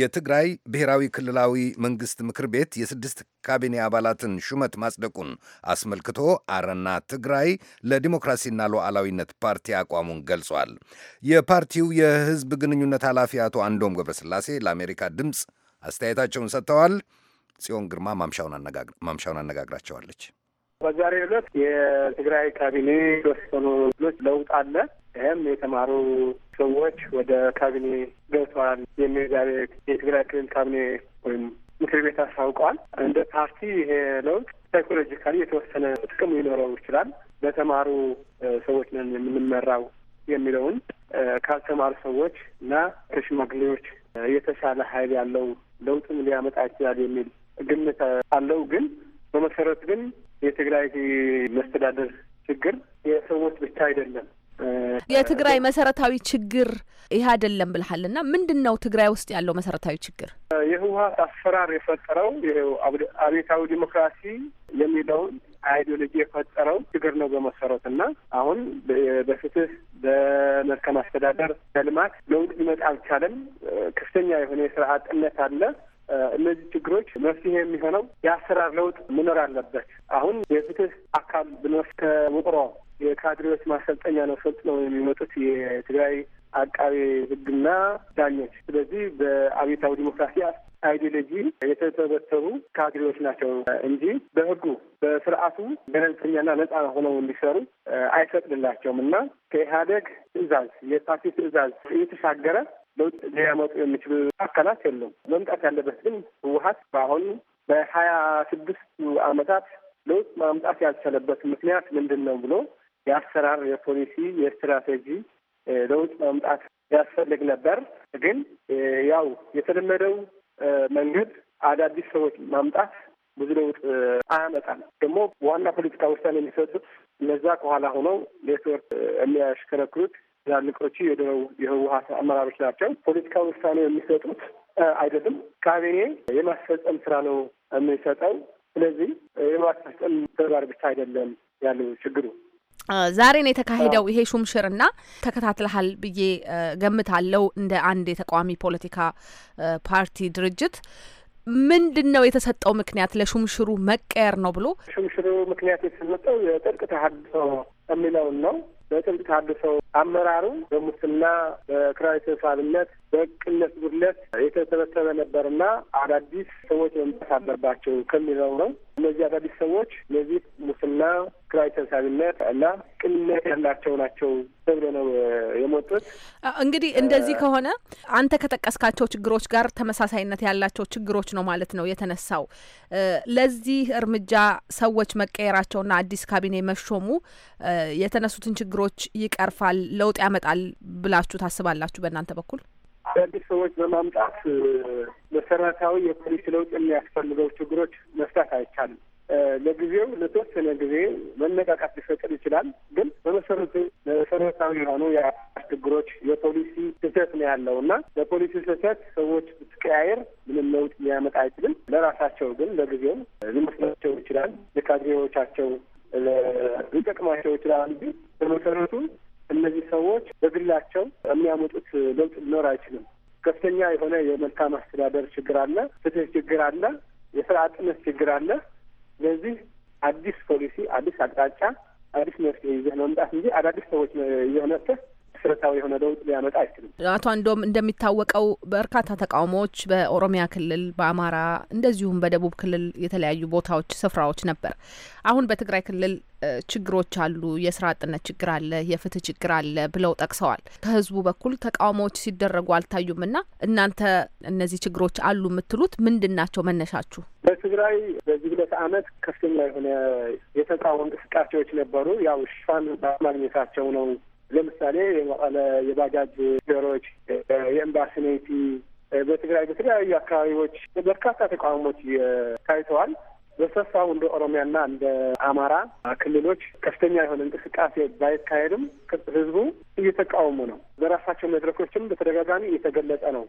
የትግራይ ብሔራዊ ክልላዊ መንግሥት ምክር ቤት የስድስት ካቢኔ አባላትን ሹመት ማጽደቁን አስመልክቶ አረና ትግራይ ለዲሞክራሲና ሉዓላዊነት ፓርቲ አቋሙን ገልጿል። የፓርቲው የሕዝብ ግንኙነት ኃላፊ አቶ አንዶም ገብረስላሴ ለአሜሪካ ድምፅ አስተያየታቸውን ሰጥተዋል። ጽዮን ግርማ ማምሻውን አነጋግራቸዋለች። በዛሬ ዕለት የትግራይ ካቢኔ የተወሰኑ ክፍሎች ለውጥ አለ። ይህም የተማሩ ሰዎች ወደ ካቢኔ ገብተዋል የሚል ዛሬ የትግራይ ክልል ካቢኔ ወይም ምክር ቤት አስታውቀዋል። እንደ ፓርቲ ይሄ ለውጥ ሳይኮሎጂካሊ የተወሰነ ጥቅም ሊኖረው ይችላል። በተማሩ ሰዎች ነን የምንመራው የሚለውን ካልተማሩ ሰዎች እና ከሽማግሌዎች የተሻለ ኃይል ያለው ለውጥም ሊያመጣ ይችላል የሚል ግምት አለው። ግን በመሰረት ግን የትግራይ መስተዳደር ችግር የሰዎች ብቻ አይደለም። የትግራይ መሰረታዊ ችግር ይህ አይደለም ብልሃል እና ምንድን ነው ትግራይ ውስጥ ያለው መሰረታዊ ችግር? የህወሀት አሰራር የፈጠረው አቤታዊ ዲሞክራሲ የሚለውን አይዲዮሎጂ የፈጠረው ችግር ነው በመሰረት እና አሁን በፍትህ በመልካም አስተዳደር በልማት ለውጥ ሊመጣ አልቻለም። ከፍተኛ የሆነ የስራ አጥነት አለ። እነዚህ ችግሮች መፍትሄ የሚሆነው የአሰራር ለውጥ መኖር አለበት። አሁን የፍትህ አካል ብንወስ ከውቅሮ የካድሬዎች ማሰልጠኛ ነው ሰልጥነው የሚመጡት የትግራይ አቃቤ ሕግና ዳኞች። ስለዚህ በአብዮታዊ ዲሞክራሲ አይዲዮሎጂ የተተበተሩ ካድሬዎች ናቸው እንጂ በህጉ በስርዓቱ ገለልተኛና ነጻ ሆነው እንዲሰሩ አይፈቅድላቸውም እና ከኢህአደግ ትእዛዝ የፓርቲ ትዕዛዝ እየተሻገረ ለውጥ ሊያመጡ የሚችሉ አካላት የለም። መምጣት ያለበት ግን ህወሀት በአሁኑ በሀያ ስድስቱ አመታት ለውጥ ማምጣት ያልቻለበት ምክንያት ምንድን ነው ብሎ የአሰራር፣ የፖሊሲ፣ የስትራቴጂ ለውጥ ማምጣት ያስፈልግ ነበር። ግን ያው የተለመደው መንገድ አዳዲስ ሰዎች ማምጣት ብዙ ለውጥ አያመጣም። ደግሞ ዋና ፖለቲካ ውሳኔ የሚሰጡት እነዛ ከኋላ ሆነው ኔትወርክ የሚያሽከረክሩት ትላልቆቹ የህወሀት አመራሮች ናቸው። ፖለቲካ ውሳኔ የሚሰጡት አይደለም፣ ካቢኔ የማስፈጸም ስራ ነው የሚሰጠው። ስለዚህ የማስፈጸም ተግባር ብቻ አይደለም ያለው ችግሩ። ዛሬ ነው የተካሄደው ይሄ ሹምሽርና ተከታትለሃል ብዬ ገምታለው። እንደ አንድ የተቃዋሚ ፖለቲካ ፓርቲ ድርጅት ምንድን ነው የተሰጠው ምክንያት ለሹምሽሩ መቀየር ነው ብሎ ሹምሽሩ ምክንያት የተሰጠው የጥልቅ ተሃድሶ የሚለውን ነው። በጥብቅ ታድሰው አመራሩ በሙስና በኪራይ ሰብሳቢነት በቅነት ጉድለት የተሰበሰበ ነበርና አዳዲስ ሰዎች መምጣት አለባቸው ከሚለው ነው። እነዚህ አዳዲስ ሰዎች እነዚህ ሙስና ኪራይ ሰብሳቢነት እና ቅንነት ያላቸው ናቸው ተብሎ ነው የሞጡት። እንግዲህ እንደዚህ ከሆነ አንተ ከጠቀስካቸው ችግሮች ጋር ተመሳሳይነት ያላቸው ችግሮች ነው ማለት ነው የተነሳው። ለዚህ እርምጃ ሰዎች መቀየራቸውና አዲስ ካቢኔ መሾሙ የተነሱትን ችግሮች ይቀርፋል፣ ለውጥ ያመጣል ብላችሁ ታስባላችሁ በእናንተ በኩል? አዳዲስ ሰዎች በማምጣት መሰረታዊ የፖሊሲ ለውጥ የሚያስፈልገው ችግሮች መፍታት አይቻልም። ለጊዜው ለተወሰነ ጊዜ መነቃቃት ሊፈጥር ይችላል። ግን በመሰረቱ መሰረታዊ የሆኑ የአሰራር ችግሮች የፖሊሲ ስህተት ነው ያለው እና ለፖሊሲ ስህተት ሰዎች ብትቀያየር ምንም ለውጥ ሊያመጣ አይችልም። ለራሳቸው ግን ለጊዜው ሊመስላቸው ይችላል፣ ለካድሬዎቻቸው ሊጠቅማቸው ይችላል እንጂ በመሰረቱ እነዚህ ሰዎች በግላቸው የሚያመጡት ለውጥ ሊኖር አይችልም። ከፍተኛ የሆነ የመልካም አስተዳደር ችግር አለ፣ ፍትህ ችግር አለ፣ የስራ አጥነት ችግር አለ። ስለዚህ አዲስ ፖሊሲ፣ አዲስ አቅጣጫ፣ አዲስ መፍትሄ ይዘህ መምጣት እንጂ አዳዲስ ሰዎች ይዘህ መጥተህ መሰረታዊ የሆነ ለውጥ ሊያመጣ አይችልም። አቶ አንዶም እንደሚታወቀው በርካታ ተቃውሞዎች በኦሮሚያ ክልል፣ በአማራ እንደዚሁም በደቡብ ክልል የተለያዩ ቦታዎች፣ ስፍራዎች ነበር። አሁን በትግራይ ክልል ችግሮች አሉ። የስራ አጥነት ችግር አለ፣ የፍትህ ችግር አለ ብለው ጠቅሰዋል። ከህዝቡ በኩል ተቃውሞዎች ሲደረጉ አልታዩም እና እናንተ እነዚህ ችግሮች አሉ የምትሉት ምንድን ናቸው? መነሻችሁ? በትግራይ በዚህ ሁለት አመት ከፍተኛ የሆነ የተቃውሞ እንቅስቃሴዎች ነበሩ። ያው ሽፋን ባለማግኘታቸው ነው ለምሳሌ የመቀለ የባጃጅ ሾፌሮች፣ የኤምባሲ ኔቲ በትግራይ በተለያዩ አካባቢዎች በርካታ ተቃውሞች ታይተዋል። በሰፋው እንደ ኦሮሚያና እንደ አማራ ክልሎች ከፍተኛ የሆነ እንቅስቃሴ ባይካሄድም ህዝቡ እየተቃወሙ ነው። በራሳቸው መድረኮችም በተደጋጋሚ እየተገለጸ ነው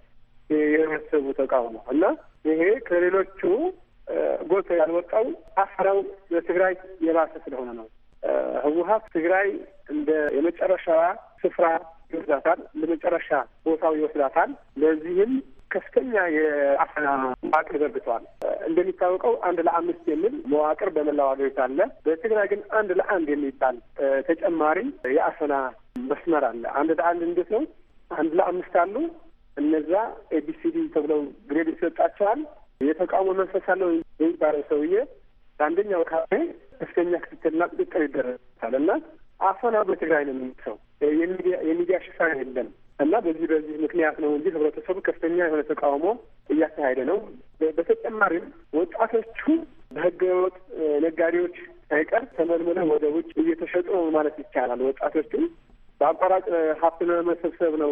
የህብረተሰቡ ተቃውሞ እና ይሄ ከሌሎቹ ጎልቶ ያልወጣው አፍረው በትግራይ የባሰ ስለሆነ ነው። ህወሀት ትግራይ እንደ የመጨረሻ ስፍራ ይወስዳታል፣ ለመጨረሻ ቦታው ይወስዳታል። ለዚህም ከፍተኛ የአፈና መዋቅር ዘርግተዋል። እንደሚታወቀው አንድ ለአምስት የሚል መዋቅር በመላው አገሪቱ አለ። በትግራይ ግን አንድ ለአንድ የሚባል ተጨማሪ የአፈና መስመር አለ። አንድ ለአንድ እንዴት ነው? አንድ ለአምስት አሉ። እነዛ ኤቢሲዲ ተብለው ግሬድ ይሰጣቸዋል። የተቃውሞ መንፈስ አለው የሚባለው ሰውዬ ለአንደኛው ካፌ ከፍተኛ ክትትልና ቁጥጥር ይደረግታል እና አፈና በትግራይ ነው የሚሰው የሚዲያ ሽፋን የለም እና በዚህ በዚህ ምክንያት ነው እንጂ ህብረተሰቡ ከፍተኛ የሆነ ተቃውሞ እያካሄደ ነው። በተጨማሪም ወጣቶቹ በህገ ወጥ ነጋዴዎች ሳይቀር ተመልምለው ወደ ውጭ እየተሸጡ ነው ማለት ይቻላል። ወጣቶቹ በአቋራጭ ሀብት ለመሰብሰብ ነው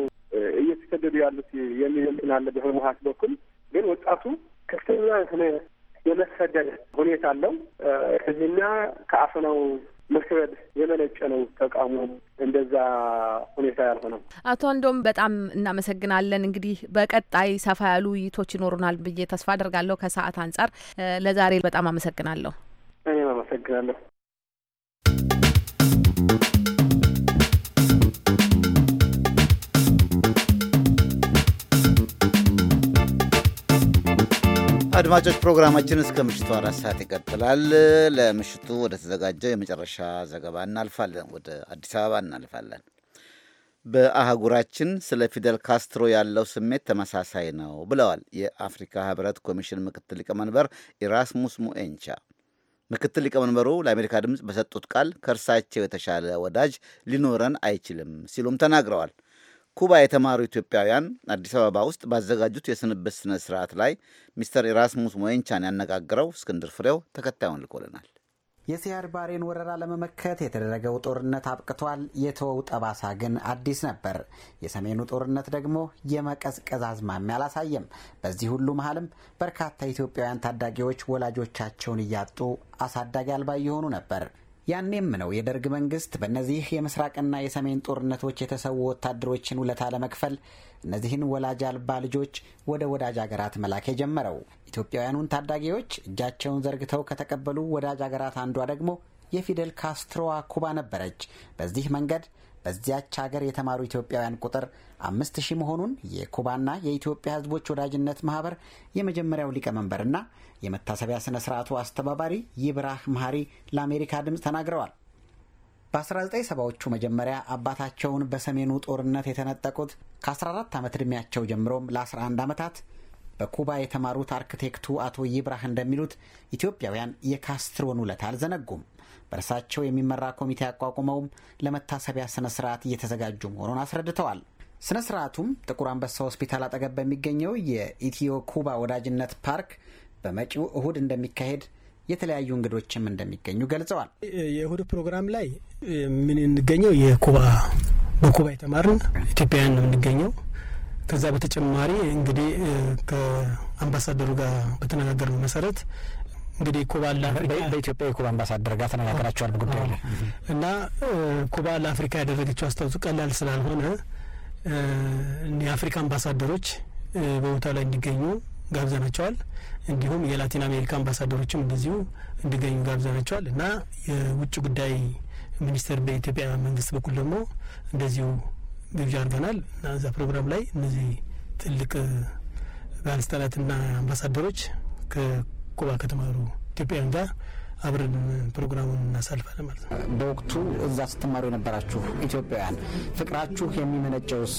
እየተሰደዱ ያሉት የሚል እንትን አለ በህወሀት በኩል ግን ወጣቱ ከፍተኛ የሆነ የመሰደድ ሁኔታ አለው ከዚህና ከአፈናው መክበድ የመነጨ ነው ተቃውሞ እንደዛ ሁኔታ ያልሆነው። አቶ አንዶም በጣም እናመሰግናለን። እንግዲህ በቀጣይ ሰፋ ያሉ ውይይቶች ይኖሩናል ብዬ ተስፋ አደርጋለሁ። ከሰዓት አንጻር ለዛሬ በጣም አመሰግናለሁ። እኔም አመሰግናለሁ። አድማጮች ፕሮግራማችን እስከ ምሽቱ አራት ሰዓት ይቀጥላል። ለምሽቱ ወደ ተዘጋጀው የመጨረሻ ዘገባ እናልፋለን። ወደ አዲስ አበባ እናልፋለን። በአህጉራችን ስለ ፊደል ካስትሮ ያለው ስሜት ተመሳሳይ ነው ብለዋል የአፍሪካ ህብረት ኮሚሽን ምክትል ሊቀመንበር ኢራስሙስ ሙኤንቻ። ምክትል ሊቀመንበሩ ለአሜሪካ ድምፅ በሰጡት ቃል ከእርሳቸው የተሻለ ወዳጅ ሊኖረን አይችልም ሲሉም ተናግረዋል። ኩባ የተማሩ ኢትዮጵያውያን አዲስ አበባ ውስጥ ባዘጋጁት የስንብት ስነ ስርዓት ላይ ሚስተር ኤራስሙስ ሞየንቻን ያነጋግረው እስክንድር ፍሬው ተከታዩን ልኮልናል። የሲያድ ባሬን ወረራ ለመመከት የተደረገው ጦርነት አብቅቷል። የተወው ጠባሳ ግን አዲስ ነበር። የሰሜኑ ጦርነት ደግሞ የመቀዝቀዝ አዝማሚያ አላሳየም። በዚህ ሁሉ መሀልም በርካታ ኢትዮጵያውያን ታዳጊዎች ወላጆቻቸውን እያጡ አሳዳጊ አልባ እየሆኑ ነበር። ያኔም ነው የደርግ መንግስት በእነዚህ የምስራቅና የሰሜን ጦርነቶች የተሰዉ ወታደሮችን ውለታ ለመክፈል እነዚህን ወላጅ አልባ ልጆች ወደ ወዳጅ አገራት መላክ የጀመረው። ኢትዮጵያውያኑን ታዳጊዎች እጃቸውን ዘርግተው ከተቀበሉ ወዳጅ አገራት አንዷ ደግሞ የፊደል ካስትሮዋ ኩባ ነበረች። በዚህ መንገድ በዚያች ሀገር የተማሩ ኢትዮጵያውያን ቁጥር አምስት ሺህ መሆኑን የኩባና የኢትዮጵያ ሕዝቦች ወዳጅነት ማህበር የመጀመሪያው ሊቀመንበርና የመታሰቢያ ስነ ስርዓቱ አስተባባሪ ይብራህ መሀሪ ለአሜሪካ ድምፅ ተናግረዋል። በ1970ዎቹ መጀመሪያ አባታቸውን በሰሜኑ ጦርነት የተነጠቁት ከ14 ዓመት ዕድሜያቸው ጀምሮም ለ11 ዓመታት በኩባ የተማሩት አርክቴክቱ አቶ ይብራህ እንደሚሉት ኢትዮጵያውያን የካስትሮን ውለታ አልዘነጉም። በእርሳቸው የሚመራ ኮሚቴ አቋቁመውም ለመታሰቢያ ስነ ስርዓት እየተዘጋጁ መሆኑን አስረድተዋል። ስነ ስርዓቱም ጥቁር አንበሳ ሆስፒታል አጠገብ በሚገኘው የኢትዮ ኩባ ወዳጅነት ፓርክ በመጪው እሁድ እንደሚካሄድ የተለያዩ እንግዶችም እንደሚገኙ ገልጸዋል። የእሁድ ፕሮግራም ላይ ምን እንገኘው የኩባ በኩባ የተማርን ኢትዮጵያውያን ነው የምንገኘው። ከዛ በተጨማሪ እንግዲህ ከአምባሳደሩ ጋር በተነጋገርን መሰረት እንግዲህ ኩባ በኢትዮጵያ የኩባ አምባሳደር ጋር ተነጋግራቸዋል ጉዳዩ ላይ እና ኩባ ለአፍሪካ ያደረገችው አስተዋጽኦ ቀላል ስላልሆነ የአፍሪካ አምባሳደሮች በቦታው ላይ እንዲገኙ ጋብዘናቸዋል። እንዲሁም የላቲን አሜሪካ አምባሳደሮችም እንደዚሁ እንዲገኙ ጋብዘናቸዋል እና የውጭ ጉዳይ ሚኒስቴር በኢትዮጵያ መንግስት በኩል ደግሞ እንደዚሁ ግብዣ አድርገናል እና እዛ ፕሮግራም ላይ እነዚህ ትልቅ ባለስልጣናትና አምባሳደሮች ቁባ ከተማሩ ኢትዮጵያውያን ጋር አብረን ፕሮግራሙን እናሳልፋለን ማለት ነው። በወቅቱ እዛ ስትማሩ የነበራችሁ ኢትዮጵያውያን ፍቅራችሁ የሚመነጨውስ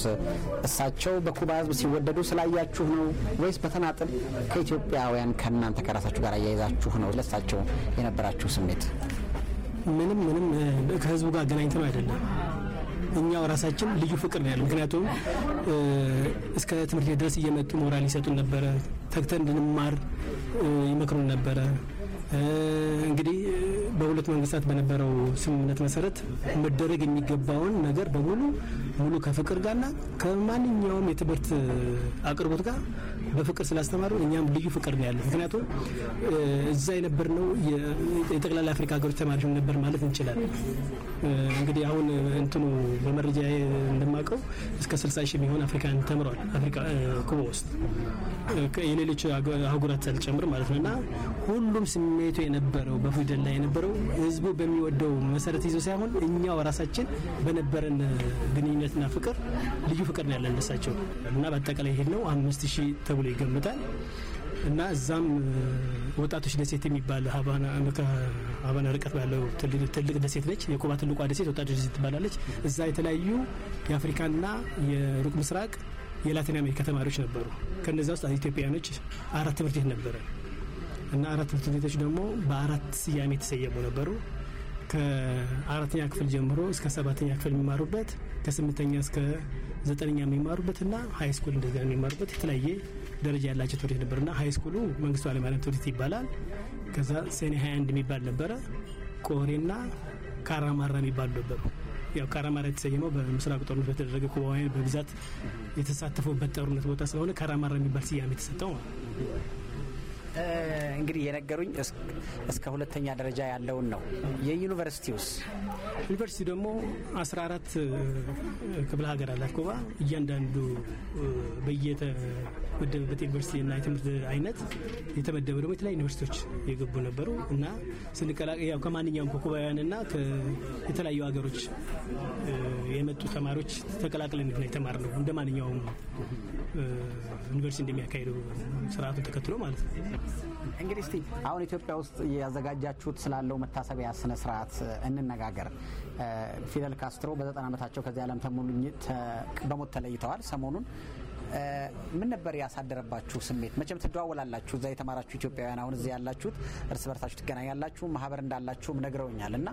እሳቸው በኩባ ሕዝብ ሲወደዱ ስላያችሁ ነው ወይስ በተናጥል ከኢትዮጵያውያን ከእናንተ ከራሳችሁ ጋር አያይዛችሁ ነው ለእሳቸው የነበራችሁ ስሜት? ምንም ምንም ከህዝቡ ጋር አገናኝተን አይደለም እኛው ራሳችን ልዩ ፍቅር ነው ያለው። ምክንያቱም እስከ ትምህርት ቤት ድረስ እየመጡ ሞራል ይሰጡን ነበረ፣ ተግተን እንድንማር ይመክሩን ነበረ። እንግዲህ በሁለት መንግስታት በነበረው ስምምነት መሰረት መደረግ የሚገባውን ነገር በሙሉ ሙሉ ከፍቅር ጋርና ከማንኛውም የትምህርት አቅርቦት ጋር በፍቅር ስላስተማሩ እኛም ልዩ ፍቅር ነው ያለን። ምክንያቱም እዛ የነበርነው የጠቅላላ አፍሪካ ሀገሮች ተማሪዎች ነበር ማለት እንችላለን። እንግዲህ አሁን እንትኑ በመረጃ እንደማውቀው እስከ 60 ሺህ የሚሆን አፍሪካን ተምረዋል። አፍሪካ ኩቦ ውስጥ የሌሎች አህጉራት ሳልጨምር ማለት ነው። እና ሁሉም ስሜቱ የነበረው በፊደል ላይ የነበረው ህዝቡ በሚወደው መሰረት ይዞ ሳይሆን እኛው ራሳችን በነበረን ግንኙነትና ፍቅር ልዩ ፍቅር ነው ያለን እሳቸው እና በአጠቃላይ ሄድ ነው አምስት ሺህ ተብሎ ብሎ ይገምታል እና እዛም ወጣቶች ደሴት የሚባል ሀቫና ርቀት ባለው ትልቅ ደሴት ነች። የኩባ ትልቋ ደሴት ወጣቶች ደሴት ትባላለች። እዛ የተለያዩ የአፍሪካና የሩቅ ምስራቅ የላቲን አሜሪካ ተማሪዎች ነበሩ። ከነዛ ውስጥ ኢትዮጵያኖች አራት ትምህርት ቤት ነበረ እና አራት ትምህርት ቤቶች ደግሞ በአራት ስያሜ የተሰየሙ ነበሩ። ከአራተኛ ክፍል ጀምሮ እስከ ሰባተኛ ክፍል የሚማሩበት ከስምንተኛ እስከ ዘጠነኛ የሚማሩበት እና ሀይ ስኩል እንደዚያ የሚማሩበት የተለያየ ደረጃ ያላቸው ትምህርት ነበር እና ሀይ ስኩሉ መንግስቱ ኃይለማርያም ትምህርት ይባላል። ከዛ ሰኔ 21 የሚባል ነበረ። ቆሬና ካራማራ የሚባሉ ነበሩ። ያው ካራማራ የተሰየመው በምስራቅ ጦርነት በተደረገ ኩባውያን በብዛት የተሳተፉበት ጦርነት ቦታ ስለሆነ ካራማራ የሚባል ስያሜ የተሰጠው ነው። እንግዲህ የነገሩኝ እስከ ሁለተኛ ደረጃ ያለውን ነው። የዩኒቨርሲቲውስ ዩኒቨርሲቲ ደግሞ 14 ክፍለ ሀገር አላት ኩባ። እያንዳንዱ በየተመደበበት ዩኒቨርሲቲ እና የትምህርት አይነት የተመደበ ደግሞ የተለያዩ ዩኒቨርሲቲዎች የገቡ ነበሩ እና ስንቀላቀል ከማንኛውም ከኩባውያን እና የተለያዩ ሀገሮች የመጡ ተማሪዎች ተቀላቅለን ነው የተማርነው። እንደ ማንኛውም ዩኒቨርሲቲ እንደሚያካሄደው ስርዓቱን ተከትሎ ማለት ነው። እንግዲህ እስቲ አሁን ኢትዮጵያ ውስጥ ያዘጋጃችሁት ስላለው መታሰቢያ ስነ ስርዓት እንነጋገር። ፊደል ካስትሮ በዘጠና ዓመታቸው ከዚህ ዓለም በሞት ተለይተዋል። ሰሞኑን ምን ነበር ያሳደረባችሁ ስሜት? መቼም ትደዋወላላችሁ፣ እዛ የተማራችሁ ኢትዮጵያውያን፣ አሁን እዚህ ያላችሁት እርስ በርሳችሁ ትገናኛላችሁ፣ ማህበር እንዳላችሁም ነግረውኛል። እና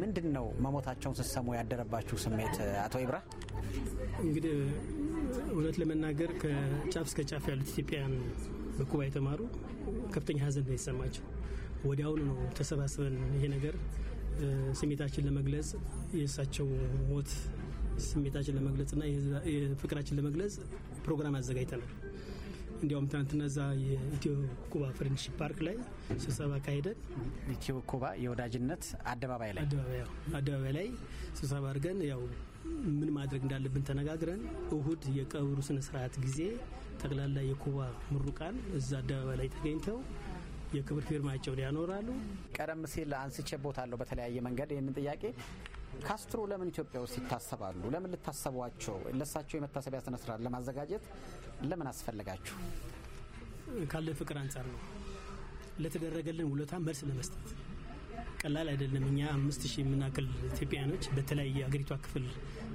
ምንድን ነው መሞታቸውን ስትሰሙ ያደረባችሁ ስሜት? አቶ ይብራ እንግዲህ እውነት ለመናገር ከጫፍ እስከ ጫፍ ያሉት ኢትዮጵያውያን በኩባ የተማሩ ከፍተኛ ሀዘን ነው የተሰማቸው። ወዲያውኑ ነው ተሰባስበን ይሄ ነገር ስሜታችን ለመግለጽ የእሳቸው ሞት ስሜታችን ለመግለጽና ፍቅራችን ለመግለጽ ፕሮግራም አዘጋጅተናል። እንዲያውም ትናንትና እዛ የኢትዮ ኩባ ፍሬንድሺፕ ፓርክ ላይ ስብሰባ ካሄደን ኢትዮ ኩባ የወዳጅነት አደባባይ ላይ አደባባይ ላይ ስብሰባ አድርገን ያው ምን ማድረግ እንዳለብን ተነጋግረን እሁድ የቀብሩ ስነስርዓት ጊዜ ጠቅላላ የኩባ ምሩቃን እዛ አደባባይ ላይ ተገኝተው የክብር ፊርማቸውን ያኖራሉ። ቀደም ሲል አንስቼ ቦታለሁ በተለያየ መንገድ ይህንን ጥያቄ ካስትሮ ለምን ኢትዮጵያ ውስጥ ይታሰባሉ? ለምን ልታሰቧቸው ለሳቸው የመታሰቢያ ስነስርዓት ለማዘጋጀት ለምን አስፈለጋችሁ? ካለ ፍቅር አንጻር ነው። ለተደረገልን ውለታ መልስ ለመስጠት ቀላል አይደለም። እኛ አምስት ሺህ የምናክል ኢትዮጵያውያኖች በተለያየ አገሪቷ ክፍል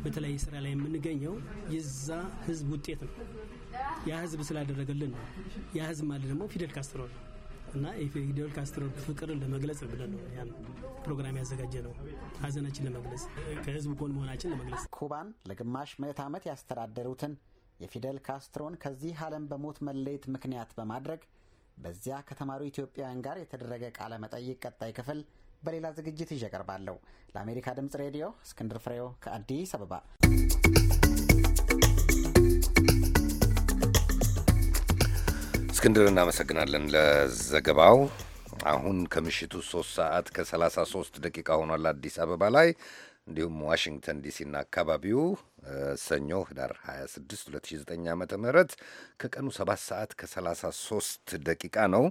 በተለያየ ስራ ላይ የምንገኘው የዛ ህዝብ ውጤት ነው። ያ ህዝብ ስላደረገልን ነው። ያ ህዝብ ማለት ደግሞ ፊደል ካስትሮ ነው እና የፊደል ካስትሮ ፍቅርን ለመግለጽ ብለን ነው ያን ፕሮግራም ያዘጋጀ ነው። ሀዘናችን ለመግለጽ ከህዝቡ ጎን መሆናችን ለመግለጽ ኩባን ለግማሽ ምዕት ዓመት ያስተዳደሩትን የፊደል ካስትሮን ከዚህ ዓለም በሞት መለየት ምክንያት በማድረግ በዚያ ከተማሩ ኢትዮጵያውያን ጋር የተደረገ ቃለ መጠይቅ ቀጣይ ክፍል በሌላ ዝግጅት ይዤ ቀርባለሁ። ለአሜሪካ ድምፅ ሬዲዮ እስክንድር ፍሬው ከአዲስ አበባ። እስክንድር እናመሰግናለን ለዘገባው። አሁን ከምሽቱ 3 ሰዓት ከ33 ደቂቃ ሆኗል አዲስ አበባ ላይ። እንዲሁም ዋሽንግተን ዲሲና አካባቢው ሰኞ ህዳር 26 2009 ዓ ም ከቀኑ 7 ሰዓት ከ33 ደቂቃ ነው።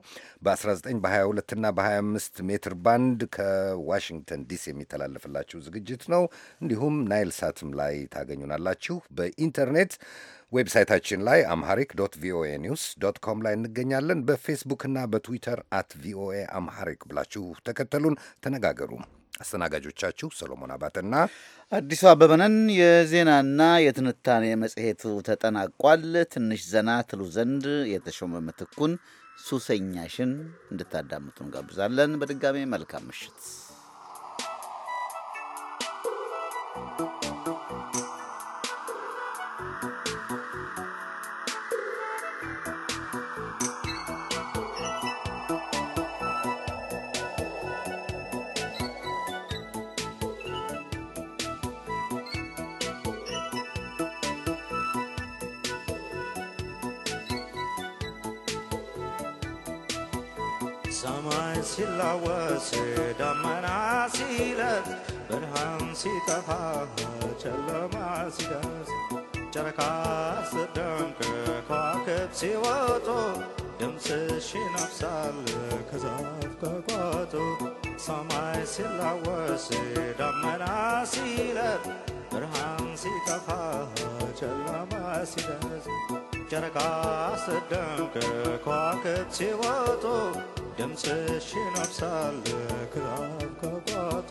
በ19 በ22 እና በ25 ሜትር ባንድ ከዋሽንግተን ዲሲ የሚተላለፍላችሁ ዝግጅት ነው። እንዲሁም ናይል ሳትም ላይ ታገኙናላችሁ። በኢንተርኔት ዌብሳይታችን ላይ አምሃሪክ ዶት ቪኦኤ ኒውስ ዶት ኮም ላይ እንገኛለን። በፌስቡክ በትዊተር አት ቪኦኤ አምሃሪክ ብላችሁ ተከተሉን፣ ተነጋገሩ። አስተናጋጆቻችሁ ሰሎሞን አባተና አዲሱ አበበነን። የዜናና የትንታኔ መጽሔቱ ተጠናቋል። ትንሽ ዘና ትሉ ዘንድ የተሾመ ምትኩን ሱሰኛሽን እንድታዳምጡ እንጋብዛለን። በድጋሜ መልካም ምሽት። ሲጠፋ ጨለማ ሲደርስ ጨረቃ ስደምቅ ከዋክብት ሲወጡ ድምፅሽ ይነፍሳል ከዛፍ ከቋጡ ሰማይ ሲላወስ ደመና ሲለብ ብርሃን ሲጠፋ ጨለማ ሲደርስ ጨረቃ ስደምቅ ከዋክብት ሲወጡ ድምፅሽ ይነፍሳል ከዛፍ ከቋጡ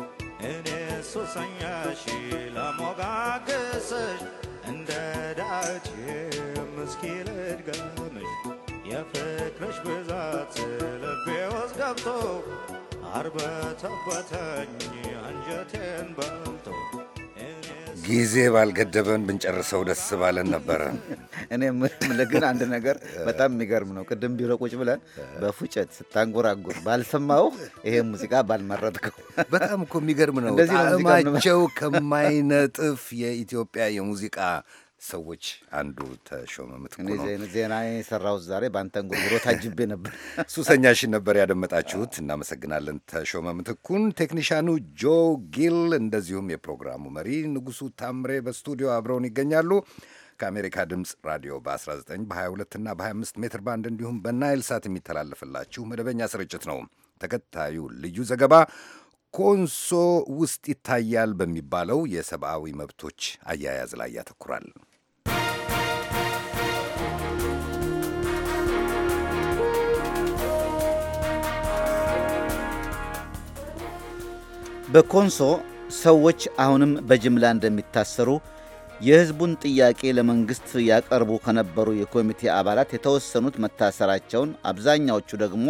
እኔ ሱሰኛሽ ለሞጋገስሽ እንደ ዳች ምስኪ ልድገምሽ የፍቅርሽ ብዛት ልቤ ውስጥ ገብቶ አርበተበተኝ አንጀቴን በም ጊዜ ባልገደበን ብንጨርሰው ደስ ባለን ነበረ። እኔ የምልህ ግን አንድ ነገር በጣም የሚገርም ነው። ቅድም ቢሮ ቁጭ ብለን በፉጨት ስታንጎራጉር ባልሰማው ይሄ ሙዚቃ ባልመረጥከው። በጣም እኮ የሚገርም ነው። ጣዕማቸው ከማይነጥፍ የኢትዮጵያ የሙዚቃ ሰዎች አንዱ ተሾመ ምትኩ ነው። ዜና የሰራሁት ዛሬ በአንተን ጉርጉሮ ታጅቤ ነበር። (laughs) ሱሰኛሽን ነበር ያደመጣችሁት። እናመሰግናለን ተሾመ ምትኩን፣ ቴክኒሻኑ ጆ ጊል፣ እንደዚሁም የፕሮግራሙ መሪ ንጉሱ ታምሬ በስቱዲዮ አብረውን ይገኛሉ። ከአሜሪካ ድምፅ ራዲዮ በ19 በ22 እና በ25 ሜትር ባንድ እንዲሁም በናይል ሳት የሚተላለፍላችሁ መደበኛ ስርጭት ነው። ተከታዩ ልዩ ዘገባ ኮንሶ ውስጥ ይታያል በሚባለው የሰብአዊ መብቶች አያያዝ ላይ ያተኩራል። በኮንሶ ሰዎች አሁንም በጅምላ እንደሚታሰሩ የሕዝቡን ጥያቄ ለመንግሥት ያቀርቡ ከነበሩ የኮሚቴ አባላት የተወሰኑት መታሰራቸውን፣ አብዛኛዎቹ ደግሞ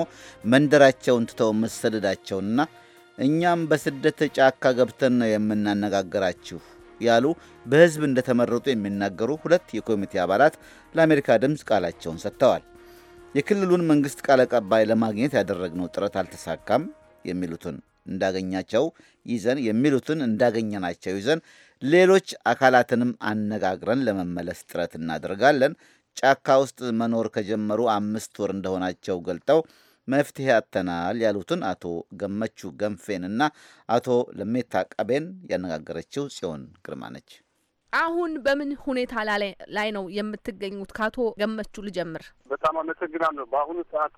መንደራቸውን ትተው መሰደዳቸውንና እኛም በስደት ጫካ ገብተን ነው የምናነጋግራችሁ ያሉ በሕዝብ እንደተመረጡ የሚናገሩ ሁለት የኮሚቴ አባላት ለአሜሪካ ድምፅ ቃላቸውን ሰጥተዋል። የክልሉን መንግሥት ቃል አቀባይ ለማግኘት ያደረግነው ጥረት አልተሳካም የሚሉትን እንዳገኛቸው ይዘን የሚሉትን እንዳገኘናቸው ይዘን ሌሎች አካላትንም አነጋግረን ለመመለስ ጥረት እናደርጋለን። ጫካ ውስጥ መኖር ከጀመሩ አምስት ወር እንደሆናቸው ገልጠው መፍትሄ አጥተናል ያሉትን አቶ ገመቹ ገንፌን እና አቶ ለሜታ ቀቤን ያነጋገረችው ጽዮን ግርማ ነች። አሁን በምን ሁኔታ ላይ ነው የምትገኙት? ከአቶ ገመቹ ልጀምር። በጣም አመሰግናለሁ። በአሁኑ ሰዓት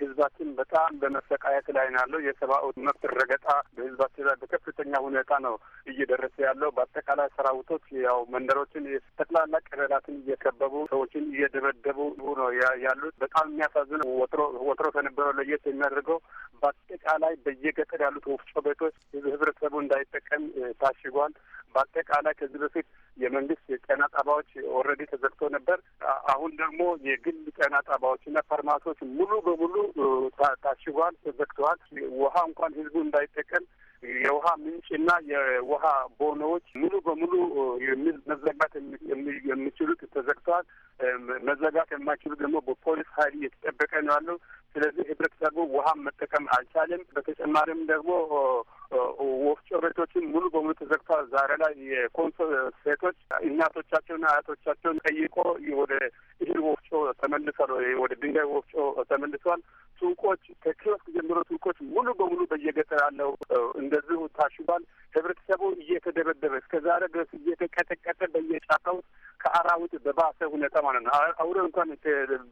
ህዝባችን በጣም በመሰቃየት ላይ ነው ያለው። የሰብአዊ መብት ረገጣ በህዝባችን ላይ በከፍተኛ ሁኔታ ነው እየደረሰ ያለው። በአጠቃላይ ሰራዊቶች ያው መንደሮችን፣ ጠቅላላ ቀበላትን እየከበቡ ሰዎችን እየደበደቡ ነው ያሉት። በጣም የሚያሳዝን ወትሮ ወትሮ ከነበረው ለየት የሚያደርገው በአጠቃላይ በየገጠር ያሉት ወፍጮ ቤቶች ህብረተሰቡ እንዳይጠቀም ታሽጓል። በአጠቃላይ ከዚህ በፊት የመንግስት የጤና ጣቢያዎች ኦልሬዲ ተዘግቶ ነበር። አሁን ደግሞ የግል ጤና ጣቢያዎችና ፋርማሲዎች ሙሉ በሙሉ ታሽጓል፣ ተዘግተዋል። ውሃ እንኳን ህዝቡ እንዳይጠቀም የውሃ ምንጭና የውሃ ቦኖዎች ሙሉ በሙሉ መዘጋት የሚችሉት ተዘግተዋል። መዘጋት የማይችሉ ደግሞ በፖሊስ ኃይል እየተጠበቀ ነው ያለው። ስለዚህ ህብረተሰቡ ውሃም መጠቀም አልቻለም። በተጨማሪም ደግሞ ወፍጮ ቤቶችን ሙሉ በሙሉ ተዘግተዋል። ዛሬ ላይ የኮንሶ ሴቶች እናቶቻቸውና አያቶቻቸውን ጠይቆ ወደ እህል ወፍጮ ተመልሷል፣ ወደ ድንጋይ ወፍጮ ተመልሰዋል። ሱቆች ከኪዮስክ ጀምሮ ሱቆች ሙሉ በሙሉ በየገጠር ያለው እንደዚሁ ታሽጓል። ህብረተሰቡ እየተደበደበ እስከ ዛሬ ድረስ እየተቀጠቀጠ በየጫካው ከአራዊት በባሰ ሁኔታ ማለት ነው። አውሬ እንኳን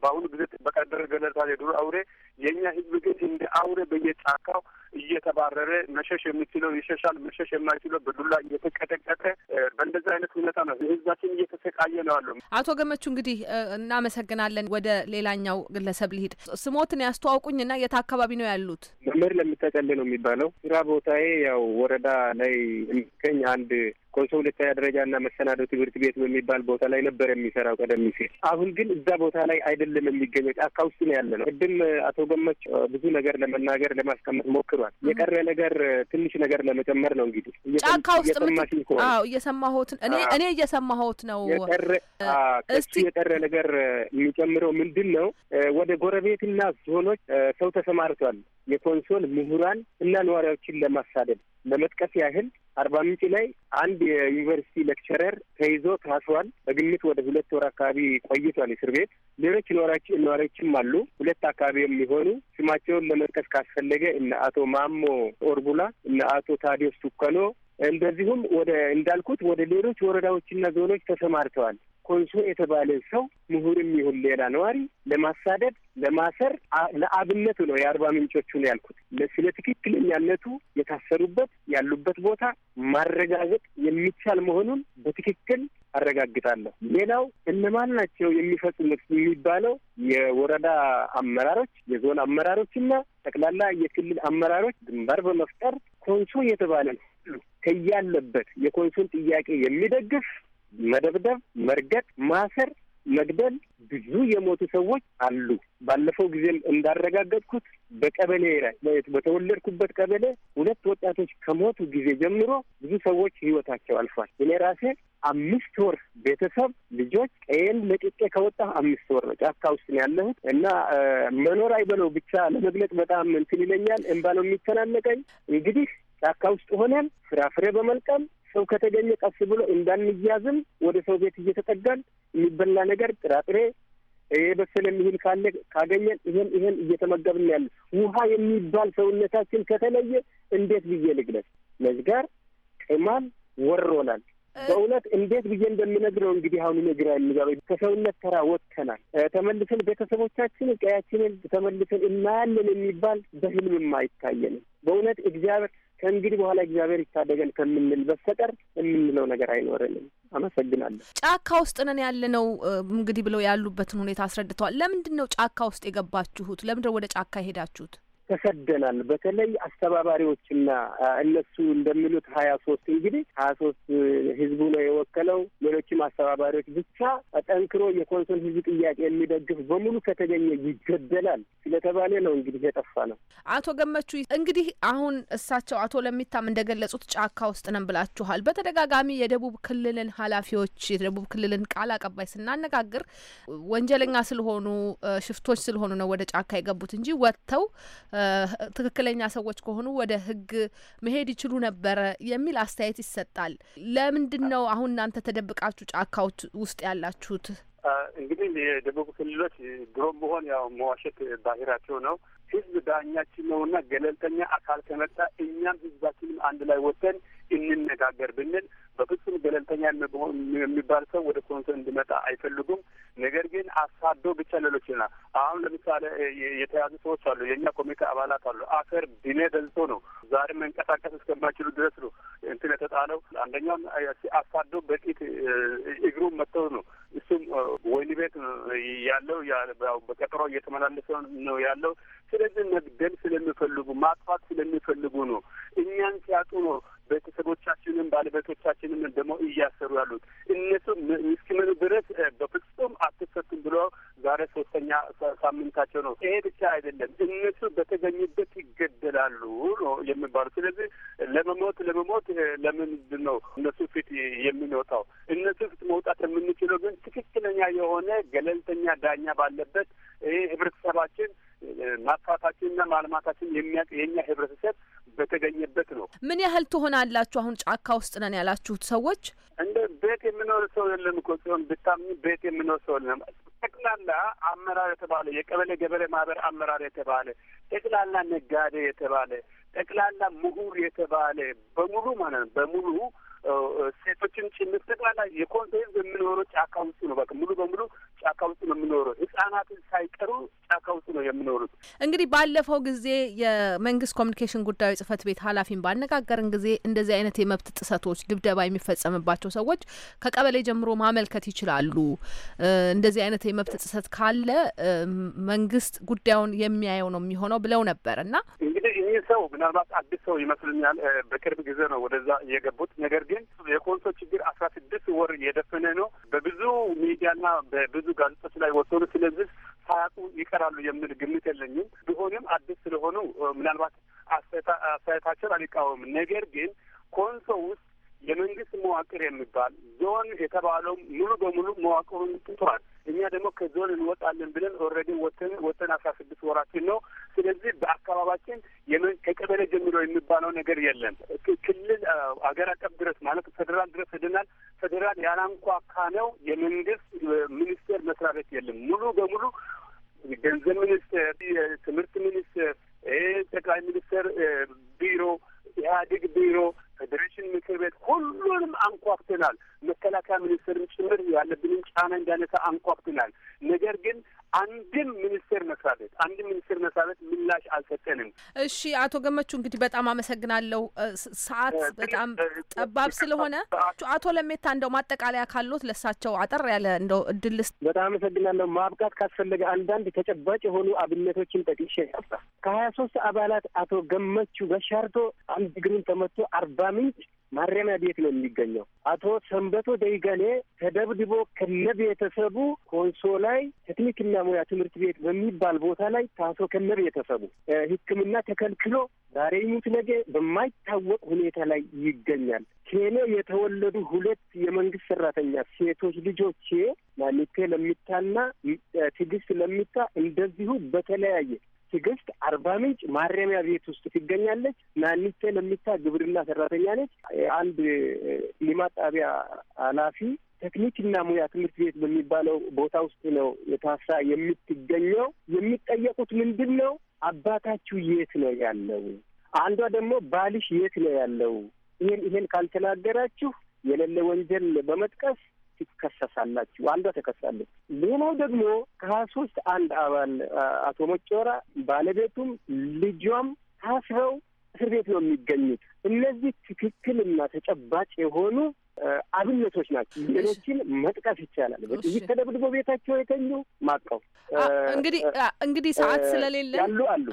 በአሁኑ ጊዜ በቀደረ ደረገለታል የዱር አውሬ። የእኛ ህዝብ ግን እንደ አውሬ በየጫካው እየተባረረ መሸሽ የሚችለው ይሸሻል፣ መሸሽ የማይችለው በዱላ እየተቀጠቀጠ በእንደዚህ አይነት ሁኔታ ነው ህዝባችን እየተሰቃየ ነው ያለው። አቶ ገመቹ እንግዲህ እናመሰግናለን። ወደ ሌላኛው ግለሰብ ልሂድ። ስሞትን ያስተዋውቁኝና የት አካባቢ ነው ያሉት? መምህር ለሚጠቀል ነው የሚባለው ስራ ቦታዬ ያው ወረዳ ላይ የሚገኝ አንድ ኮንሶ ሁለተኛ ደረጃና መሰናዶ ትምህርት ቤት በሚባል ቦታ ላይ ነበር የሚሰራው ቀደም ሲል። አሁን ግን እዛ ቦታ ላይ አይደለም የሚገኘው፣ ጫካ ውስጥ ነው ያለ ነው። ቅድም አቶ ገመች ብዙ ነገር ለመናገር ለማስቀመጥ ሞክሯል። የቀረ ነገር ትንሽ ነገር ለመጨመር ነው እንግዲህ ጫካ ውስጥ እየሰማሁት እኔ እኔ እየሰማሁት ነው። እስቲ የቀረ ነገር የሚጨምረው ምንድን ነው? ወደ ጎረቤትና ዞኖች ሰው ተሰማርቷል። የኮንሶል ምሁራን እና ነዋሪዎችን ለማሳደድ ለመጥቀስ ያህል አርባ ምንጭ ላይ አንድ የዩኒቨርሲቲ ሌክቸረር ተይዞ ታስሯል። በግምት ወደ ሁለት ወር አካባቢ ቆይቷል እስር ቤት። ሌሎች ነዋሪዎችም አሉ። ሁለት አካባቢ የሚሆኑ ስማቸውን ለመጥቀስ ካስፈለገ እነ አቶ ማሞ ኦርቡላ፣ እነ አቶ ታዲዮስ ቱከኖ እንደዚሁም ወደ እንዳልኩት ወደ ሌሎች ወረዳዎችና ዞኖች ተሰማርተዋል። ኮንሶ የተባለ ሰው ምሁርም ይሁን ሌላ ነዋሪ ለማሳደድ፣ ለማሰር ለአብነቱ ነው የአርባ ምንጮቹን ያልኩት። ስለ ትክክለኛነቱ የታሰሩበት ያሉበት ቦታ ማረጋገጥ የሚቻል መሆኑን በትክክል አረጋግጣለሁ። ሌላው እነማን ናቸው የሚፈጽሙት የሚባለው የወረዳ አመራሮች፣ የዞን አመራሮችና ጠቅላላ የክልል አመራሮች ግንባር በመፍጠር ኮንሶ የተባለ ከያለበት የኮንሶን ጥያቄ የሚደግፍ መደብደብ፣ መርገጥ፣ ማሰር፣ መግደል ብዙ የሞቱ ሰዎች አሉ። ባለፈው ጊዜም እንዳረጋገጥኩት በቀበሌ በተወለድኩበት ቀበሌ ሁለት ወጣቶች ከሞቱ ጊዜ ጀምሮ ብዙ ሰዎች ህይወታቸው አልፏል። እኔ ራሴ አምስት ወር ቤተሰብ ልጆች ቀየን ለቅቄ ከወጣ አምስት ወር ነው። ጫካ ውስጥ ነው ያለሁት እና መኖር አይበለው ብቻ ለመግለጽ በጣም እንትን ይለኛል። እንባ ነው የሚተናነቀኝ። እንግዲህ ጫካ ውስጥ ሆነን ፍራፍሬ በመልቀም ሰው ከተገኘ ቀስ ብሎ እንዳንያዝም ወደ ሰው ቤት እየተጠጋን የሚበላ ነገር ጥራጥሬ የበሰለም ይህን ካለ ካገኘን ይሄን ይሄን እየተመገብን ያለ ውሃ የሚባል ሰውነታችን ከተለየ እንዴት ብዬ ልግለጽ? መዝጋር ቅማል ወሮናል። በእውነት እንዴት ብዬ እንደምነግረው እንግዲህ አሁን ነግራ የሚገባ ከሰውነት ተራ ወጥተናል። ተመልሰን ቤተሰቦቻችን ቀያችንን ተመልሰን እናያለን የሚባል በህልምም አይታየንም። በእውነት እግዚአብሔር ከእንግዲህ በኋላ እግዚአብሔር ይታደገን ከምንል በስተቀር የምንለው ነገር አይኖረንም። አመሰግናለሁ። ጫካ ውስጥ ነን ያለነው እንግዲህ ብለው ያሉበትን ሁኔታ አስረድተዋል። ለምንድን ነው ጫካ ውስጥ የገባችሁት? ለምንድን ነው ወደ ጫካ የሄዳችሁት? ተሰደናል። በተለይ አስተባባሪዎችና እነሱ እንደሚሉት ሀያ ሶስት እንግዲህ ሀያ ሶስት ህዝቡ ነው የወከለው። ሌሎችም አስተባባሪዎች ብቻ ጠንክሮ የኮንሶን ህዝብ ጥያቄ የሚደግፍ በሙሉ ከተገኘ ይገደላል ስለተባለ ነው እንግዲህ የጠፋ ነው። አቶ ገመቹ እንግዲህ አሁን እሳቸው አቶ ለሚታም እንደገለጹት ጫካ ውስጥ ነን ብላችኋል። በተደጋጋሚ የደቡብ ክልልን ኃላፊዎች የደቡብ ክልልን ቃል አቀባይ ስናነጋግር ወንጀለኛ ስለሆኑ ሽፍቶች ስለሆኑ ነው ወደ ጫካ የገቡት እንጂ ወጥተው ትክክለኛ ሰዎች ከሆኑ ወደ ህግ መሄድ ይችሉ ነበረ የሚል አስተያየት ይሰጣል። ለምንድን ነው አሁን እናንተ ተደብቃችሁ ጫካዎች ውስጥ ያላችሁት? እንግዲህ የደቡብ ክልሎች ድሮም ቢሆን ያው መዋሸት ባህሪያቸው ነው። ህዝብ ዳኛችን ነውና ገለልተኛ አካል ከመጣ እኛም ህዝባችንም አንድ ላይ ወጥተን እንነጋገር ብንል በፍጹም ገለልተኛ የሚባል ሰው ወደ ኮንሶ እንዲመጣ አይፈልጉም። ነገር ግን አሳዶ ብቻ ሌሎች ና አሁን ለምሳሌ የተያዙ ሰዎች አሉ፣ የእኛ ኮሚቴ አባላት አሉ። አፈር ዲኔ ገልጾ ነው ዛሬ መንቀሳቀስ እስከማይችሉ ድረስ ነው እንትን የተጣለው። አንደኛውም አሳዶ በጢት እግሩ መጥተው ነው እሱም ወህኒ ቤት ያለው በቀጠሮ እየተመላለሰ ነው ያለው። ስለዚህ መግደል ስለሚፈልጉ ማጥፋት ስለሚፈልጉ ነው እኛን ሲያጡ ነው ቤተሰቦቻችንም ባለቤቶቻችንም ደግሞ እያሰሩ ያሉት እነሱ ምስኪኑ ድረስ በፍጹም አትፈቱም ብሎ ዛሬ ሶስተኛ ሳምንታቸው ነው። ይሄ ብቻ አይደለም፣ እነሱ በተገኙበት ይገደላሉ ነው የሚባሉ። ስለዚህ ለመሞት ለመሞት ለምንድን ነው እነሱ ፊት የምንወጣው? እነሱ ፊት መውጣት የምንችለው ግን ትክክለኛ የሆነ ገለልተኛ ዳኛ ባለበት ይህ ህብረተሰባችን ማጥፋታችንና ማልማታችን የሚያውቅ የኛ ህብረተሰብ በተገኘበት ነው። ምን ያህል ትሆናላችሁ? አሁን ጫካ ውስጥ ነን ያላችሁት ሰዎች እንደ ቤት የምኖር ሰው የለም እኮ ሲሆን ብታምኝ ቤት የምኖር ሰው የለም። ጠቅላላ አመራር የተባለ የቀበሌ ገበሬ ማህበር አመራር የተባለ ጠቅላላ ነጋዴ የተባለ ጠቅላላ ምሁር የተባለ በሙሉ ማለት ነው በሙሉ ሴቶችን ጭምር ጠቅላላ የኮንሶ ህዝብ የምኖረው ጫካ ውስጥ ነው። በቃ ሙሉ በሙሉ ጫካ ውስጥ ነው የምኖረው። ህጻናትን ሳይቀሩ ጫካ ውስጥ ነው የምኖሩት። እንግዲህ ባለፈው ጊዜ የመንግስት ኮሚኒኬሽን ጉዳዮች ጽህፈት ቤት ኃላፊን ባነጋገርን ጊዜ እንደዚህ አይነት የመብት ጥሰቶች፣ ድብደባ የሚፈጸምባቸው ሰዎች ከቀበሌ ጀምሮ ማመልከት ይችላሉ። እንደዚህ አይነት የመብት ጥሰት ካለ መንግስት ጉዳዩን የሚያየው ነው የሚሆነው ብለው ነበር እና እንግዲህ ይህ ሰው ምናልባት አዲስ ሰው ይመስለኛል። በቅርብ ጊዜ ነው ወደዛ የገቡት። ነገር ግን የኮንሶ ችግር አስራ ስድስት ወር የደፈነ ነው። በብዙ ሚዲያና በብዙ ጋዜጦች ላይ ወጥቶ ስለዚህ ሳያውቁ ይቀራሉ የሚል ግምት የለኝም። ቢሆንም አዲስ ስለሆኑ ምናልባት አስተያየታቸውን አልቃወምም። ነገር ግን ኮንሶ ውስጥ የመንግስት መዋቅር የሚባል ዞን የተባለው ሙሉ በሙሉ መዋቅሩን ትቷል። እኛ ደግሞ ከዞን እንወጣለን ብለን ኦልሬዲ ወተን ወተን አስራ ስድስት ወራችን ነው። ስለዚህ በአካባቢያችን ከቀበሌ ጀምሮ የሚባለው ነገር የለም። ክልል አገር አቀፍ ድረስ ማለት ፌዴራል ድረስ ሄደናል። ፌዴራል ያላንኳካ ነው የመንግስት ሚኒስቴር መስሪያ ቤት የለም ሙሉ በሙሉ ገንዘብ ሚኒስቴር፣ የትምህርት ሚኒስቴር፣ ጠቅላይ ሚኒስቴር ቢሮ፣ ኢህአዴግ ቢሮ፣ ፌዴሬሽን ምክር ቤት ሁሉንም አንኳኩተናል። መከላከያ ሚኒስቴርም ጭምር ያለብንን ጫና እንዳነሳ አንኳኩተናል። አንድም ሚኒስቴር መስሪያ ቤት አንድም ሚኒስቴር መስሪያ ቤት ምላሽ አልሰጠንም። እሺ አቶ ገመቹ እንግዲህ በጣም አመሰግናለሁ። ሰዓት በጣም ጠባብ ስለሆነ አቶ ለሜታ እንደው ማጠቃለያ ካሉት ለሳቸው አጠር ያለ እንደው እድል ስ በጣም አመሰግናለሁ። ማብቃት ካስፈለገ አንዳንድ ተጨባጭ የሆኑ አብነቶችን ጠቅሼ ከሀያ ሶስት አባላት አቶ ገመቹ በሻርቶ አንድ እግሩን ተመቶ አርባ ምንጭ ማረሚያ ቤት ነው የሚገኘው። አቶ ሰንበቶ ደይገኔ ተደብድቦ ከነ ቤተሰቡ ኮንሶ ላይ ቴክኒክና ሙያ ትምህርት ቤት በሚባል ቦታ ላይ ታሶ ከነ ቤተሰቡ ሕክምና ተከልክሎ ዛሬ ይሙት ነገ በማይታወቅ ሁኔታ ላይ ይገኛል። ኬኔ የተወለዱ ሁለት የመንግስት ሰራተኛ ሴቶች ልጆቼ ማኒቴ ለሚታና ትዕግስት ለሚታ እንደዚሁ በተለያየ ትዕግስት አርባ ምንጭ ማረሚያ ቤት ውስጥ ትገኛለች። ናኒቴ ለሚታ ግብርና ሰራተኛ ነች። አንድ ሊማት ጣቢያ ኃላፊ ቴክኒክና ሙያ ትምህርት ቤት በሚባለው ቦታ ውስጥ ነው የታስራ የምትገኘው። የሚጠየቁት ምንድን ነው? አባታችሁ የት ነው ያለው? አንዷ ደግሞ ባልሽ የት ነው ያለው? ይሄን ይህን ካልተናገራችሁ የሌለ ወንጀል በመጥቀስ ትከሰሳላችሁ። አንዷ ተከሳለች። ሌላው ደግሞ ከሀያ ሶስት አንድ አባል አቶ ሞጮራ ባለቤቱም ልጇም ታስረው እስር ቤት ነው የሚገኙት። እነዚህ ትክክልና ተጨባጭ የሆኑ አብነቶች ናቸው። ሌሎችን መጥቀስ ይቻላል። በጥይት ተደብድቦ ቤታቸው የተኙ ማቀው እንግዲህ እንግዲህ ሰዓት ስለሌለ ያሉ አሉ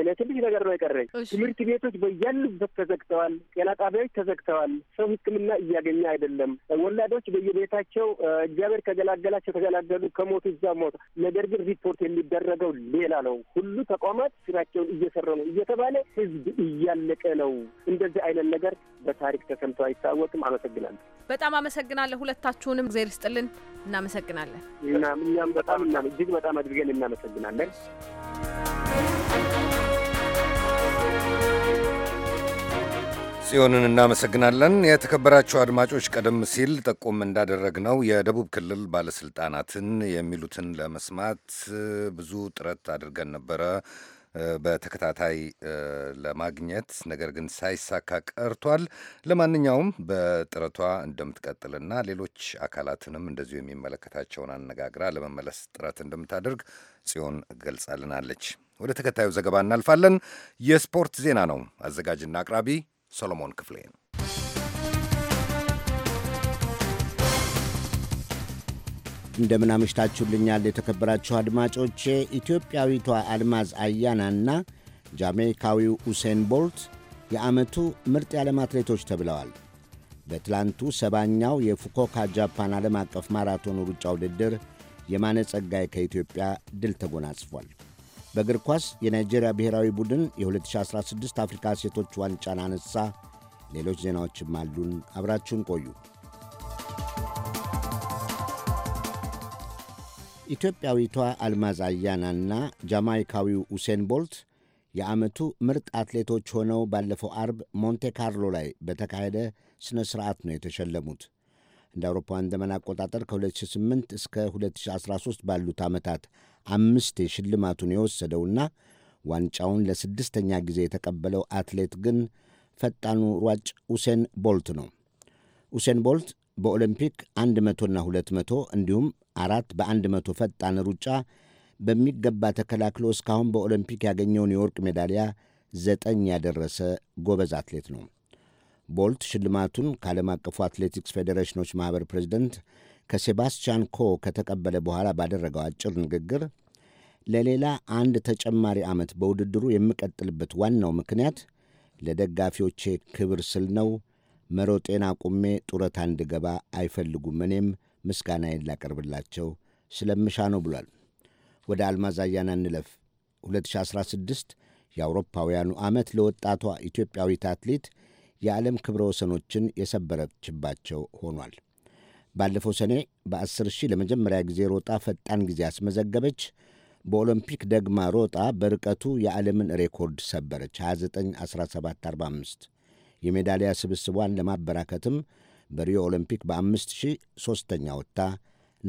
እኔ ትንሽ ነገር ነው የቀረኝ። ትምህርት ቤቶች በያሉበት ተዘግተዋል። ጤና ጣቢያዎች ተዘግተዋል። ሰው ሕክምና እያገኘ አይደለም። ወላዶች በየቤታቸው እግዚአብሔር ከገላገላቸው ተገላገሉ፣ ከሞቱ እዛ ሞት። ነገር ግን ሪፖርት የሚደረገው ሌላ ነው። ሁሉ ተቋማት ስራቸውን እየሰሩ ነው እየተባለ ሕዝብ እያለቀ ነው። እንደዚህ አይነት ነገር በታሪክ ተሰምቶ አይታወቅም። አመሰግናለሁ። በጣም አመሰግናለሁ። ሁለታችሁንም እግዜር ይስጥልን። እናመሰግናለን። እኛም በጣም እጅግ በጣም አድርገን እናመሰግናለን። ጽዮንን እናመሰግናለን። የተከበራችሁ አድማጮች፣ ቀደም ሲል እንዳደረግ እንዳደረግነው የደቡብ ክልል ባለስልጣናትን የሚሉትን ለመስማት ብዙ ጥረት አድርገን ነበረ በተከታታይ ለማግኘት ነገር ግን ሳይሳካ ቀርቷል። ለማንኛውም በጥረቷ እንደምትቀጥልና ሌሎች አካላትንም እንደዚሁ የሚመለከታቸውን አነጋግራ ለመመለስ ጥረት እንደምታደርግ ጽዮን ገልጻልናለች። ወደ ተከታዩ ዘገባ እናልፋለን። የስፖርት ዜና ነው። አዘጋጅና አቅራቢ ሰሎሞን ክፍሌ እንደምን አምሽታችሁልኛል የተከበራችሁ አድማጮቼ። ኢትዮጵያዊቷ አልማዝ አያናና ጃሜይካዊው ኡሴን ቦልት የዓመቱ ምርጥ የዓለም አትሌቶች ተብለዋል። በትላንቱ ሰባኛው የፉኮካ ጃፓን ዓለም አቀፍ ማራቶን ሩጫ ውድድር የማነ ጸጋይ ከኢትዮጵያ ድል ተጎናጽፏል። በእግር ኳስ የናይጄሪያ ብሔራዊ ቡድን የ2016 አፍሪካ ሴቶች ዋንጫን አነሳ። ሌሎች ዜናዎችም አሉን። አብራችሁን ቆዩ። ኢትዮጵያዊቷ አልማዝ አያናና ጃማይካዊው ሁሴን ቦልት የዓመቱ ምርጥ አትሌቶች ሆነው ባለፈው አርብ ሞንቴ ካርሎ ላይ በተካሄደ ሥነ ሥርዓት ነው የተሸለሙት። እንደ አውሮፓውያን ዘመን አቆጣጠር ከ2008 እስከ 2013 ባሉት ዓመታት አምስት ሽልማቱን የወሰደውና ዋንጫውን ለስድስተኛ ጊዜ የተቀበለው አትሌት ግን ፈጣኑ ሯጭ ሁሴን ቦልት ነው። ሁሴን ቦልት በኦሎምፒክ 100ና 200 እንዲሁም አራት በ100 ፈጣን ሩጫ በሚገባ ተከላክሎ እስካሁን በኦሎምፒክ ያገኘውን የወርቅ ሜዳሊያ ዘጠኝ ያደረሰ ጎበዝ አትሌት ነው። ቦልት ሽልማቱን ከዓለም አቀፉ አትሌቲክስ ፌዴሬሽኖች ማኅበር ፕሬዚደንት ከሴባስቲያን ኮ ከተቀበለ በኋላ ባደረገው አጭር ንግግር ለሌላ አንድ ተጨማሪ ዓመት በውድድሩ የምቀጥልበት ዋናው ምክንያት ለደጋፊዎቼ ክብር ስል ነው። መሮጤን አቁሜ ጡረታ እንድገባ አይፈልጉም። እኔም ምስጋናዬን ላቀርብላቸው ስለምሻ ነው ብሏል። ወደ አልማዝ አያና እንለፍ። 2016 የአውሮፓውያኑ ዓመት ለወጣቷ ኢትዮጵያዊት አትሌት የዓለም ክብረ ወሰኖችን የሰበረችባቸው ሆኗል። ባለፈው ሰኔ በ10 ሺህ ለመጀመሪያ ጊዜ ሮጣ ፈጣን ጊዜ አስመዘገበች። በኦሎምፒክ ደግማ ሮጣ በርቀቱ የዓለምን ሬኮርድ ሰበረች 291745 የሜዳሊያ ስብስቧን ለማበራከትም በሪዮ ኦሎምፒክ በአምስት ሺህ ሦስተኛ ወጥታ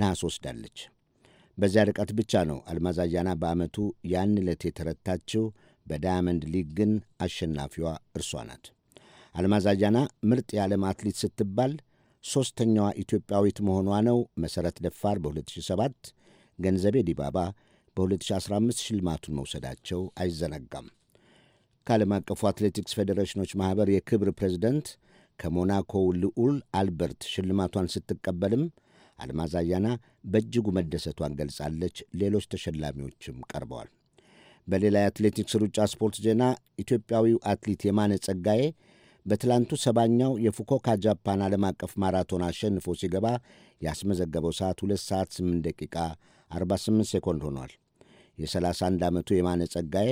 ነሐስ ወስዳለች። በዚያ ርቀት ብቻ ነው አልማዝ አያና በዓመቱ ያን ዕለት የተረታችው። በዳያመንድ ሊግ ግን አሸናፊዋ እርሷ ናት። አልማዝ አያና ምርጥ የዓለም አትሌት ስትባል ሦስተኛዋ ኢትዮጵያዊት መሆኗ ነው። መሠረት ደፋር በ2007 ገንዘቤ ዲባባ በ2015 ሽልማቱን መውሰዳቸው አይዘነጋም። ከዓለም አቀፉ አትሌቲክስ ፌዴሬሽኖች ማኅበር የክብር ፕሬዝደንት ከሞናኮው ልዑል አልበርት ሽልማቷን ስትቀበልም አልማዝ አያና በእጅጉ መደሰቷን ገልጻለች። ሌሎች ተሸላሚዎችም ቀርበዋል። በሌላ የአትሌቲክስ ሩጫ ስፖርት ዜና ኢትዮጵያዊው አትሌት የማነ ጸጋዬ በትላንቱ ሰባኛው የፉኮካ ጃፓን ዓለም አቀፍ ማራቶን አሸንፎ ሲገባ ያስመዘገበው ሰዓት 2 ሰዓት 8 ደቂቃ 48 ሴኮንድ ሆኗል። የ31 ዓመቱ የማነ ጸጋዬ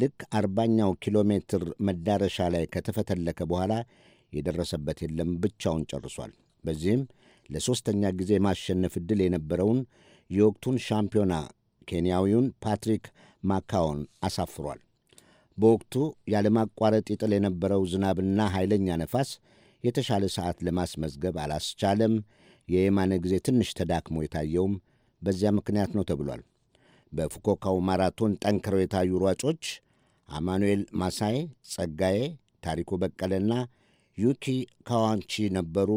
ልክ አርባኛው ኪሎ ሜትር መዳረሻ ላይ ከተፈተለከ በኋላ የደረሰበት የለም ብቻውን ጨርሷል። በዚህም ለሦስተኛ ጊዜ ማሸነፍ ዕድል የነበረውን የወቅቱን ሻምፒዮና ኬንያዊውን ፓትሪክ ማካዎን አሳፍሯል። በወቅቱ ያለማቋረጥ ይጥል የነበረው ዝናብና ኃይለኛ ነፋስ የተሻለ ሰዓት ለማስመዝገብ አላስቻለም። የየማነ ጊዜ ትንሽ ተዳክሞ የታየውም በዚያ ምክንያት ነው ተብሏል። በፉኮካው ማራቶን ጠንክረው የታዩ ሯጮች አማኑኤል ማሳይ፣ ጸጋዬ ታሪኩ በቀለና ዩኪ ካዋንቺ ነበሩ።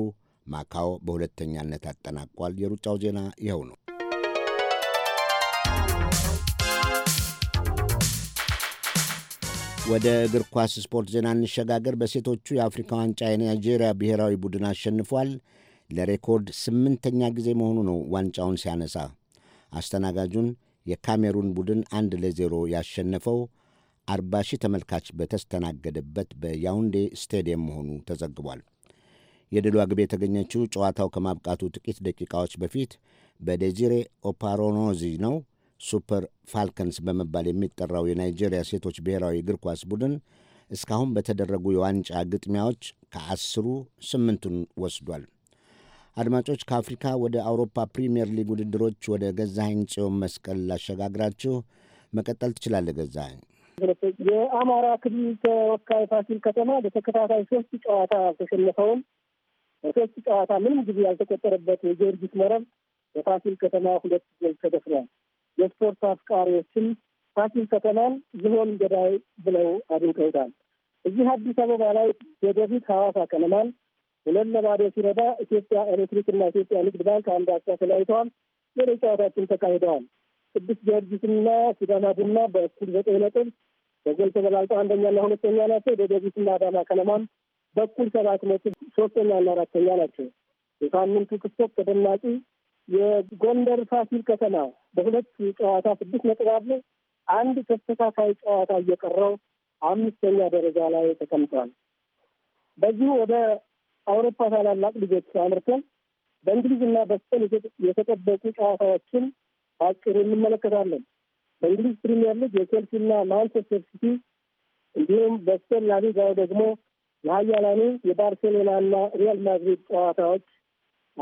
ማካዎ በሁለተኛነት አጠናቋል። የሩጫው ዜና ይኸው ነው። ወደ እግር ኳስ ስፖርት ዜና እንሸጋገር። በሴቶቹ የአፍሪካ ዋንጫ የናይጄሪያ ብሔራዊ ቡድን አሸንፏል። ለሬኮርድ ስምንተኛ ጊዜ መሆኑ ነው ዋንጫውን ሲያነሳ። አስተናጋጁን የካሜሩን ቡድን አንድ ለዜሮ ያሸነፈው አርባ ሺህ ተመልካች በተስተናገደበት በያውንዴ ስቴዲየም መሆኑ ተዘግቧል። የድሏ ግብ የተገኘችው ጨዋታው ከማብቃቱ ጥቂት ደቂቃዎች በፊት በደዚሬ ኦፓሮኖዚ ነው። ሱፐር ፋልከንስ በመባል የሚጠራው የናይጄሪያ ሴቶች ብሔራዊ እግር ኳስ ቡድን እስካሁን በተደረጉ የዋንጫ ግጥሚያዎች ከአስሩ ስምንቱን ወስዷል። አድማጮች፣ ከአፍሪካ ወደ አውሮፓ ፕሪምየር ሊግ ውድድሮች ወደ ገዛኸኝ ጽዮን መስቀል ላሸጋግራችሁ። መቀጠል ትችላለህ ገዛኸኝ። የአማራ ክልል ተወካይ ፋሲል ከተማ በተከታታይ ሶስት ጨዋታ ያልተሸነፈውን በሶስት ጨዋታ ምንም ጊዜ ያልተቆጠረበት የጊዮርጊስ መረብ በፋሲል ከተማ ሁለት ጎል ተደፍኗል። የስፖርት አፍቃሪዎችን ፋሲል ከተማን ዝሆን ገዳይ ብለው አድንቀውታል። እዚህ አዲስ አበባ ላይ ወደፊት ሐዋሳ ከነማን ሁለት ለባዶ ሲረዳ ኢትዮጵያ ኤሌክትሪክና ኢትዮጵያ ንግድ ባንክ አንድ አቻ ተለያይተዋል። ሌሎች ጨዋታዎችን ተካሂደዋል። ቅዱስ ጊዮርጊስና ሲዳማ ቡና በእኩል ዘጠኝ ነጥብ በጎል ተበላልጠው አንደኛና ሁለተኛ ናቸው። ደደቢትና አዳማ ከነማም በኩል ሰባት ነጥብ ሶስተኛና አራተኛ ናቸው። የሳምንቱ ክስተት ተደናቂ የጎንደር ፋሲል ከተማ በሁለት ጨዋታ ስድስት ነጥብ አለው። አንድ ተስተካካይ ጨዋታ እየቀረው አምስተኛ ደረጃ ላይ ተቀምጧል። በዚሁ ወደ አውሮፓ ታላላቅ ልጆች አምርተን በእንግሊዝና በስፔን የተጠበቁ ጨዋታዎችን አጭሩ እንመለከታለን። በእንግሊዝ ፕሪሚየር ሊግ የቼልሲና ማንቸስተር ሲቲ እንዲሁም በስፔን ላሊጋው ደግሞ የሀያላኑ እና ሪያል ማድሪድ ጨዋታዎች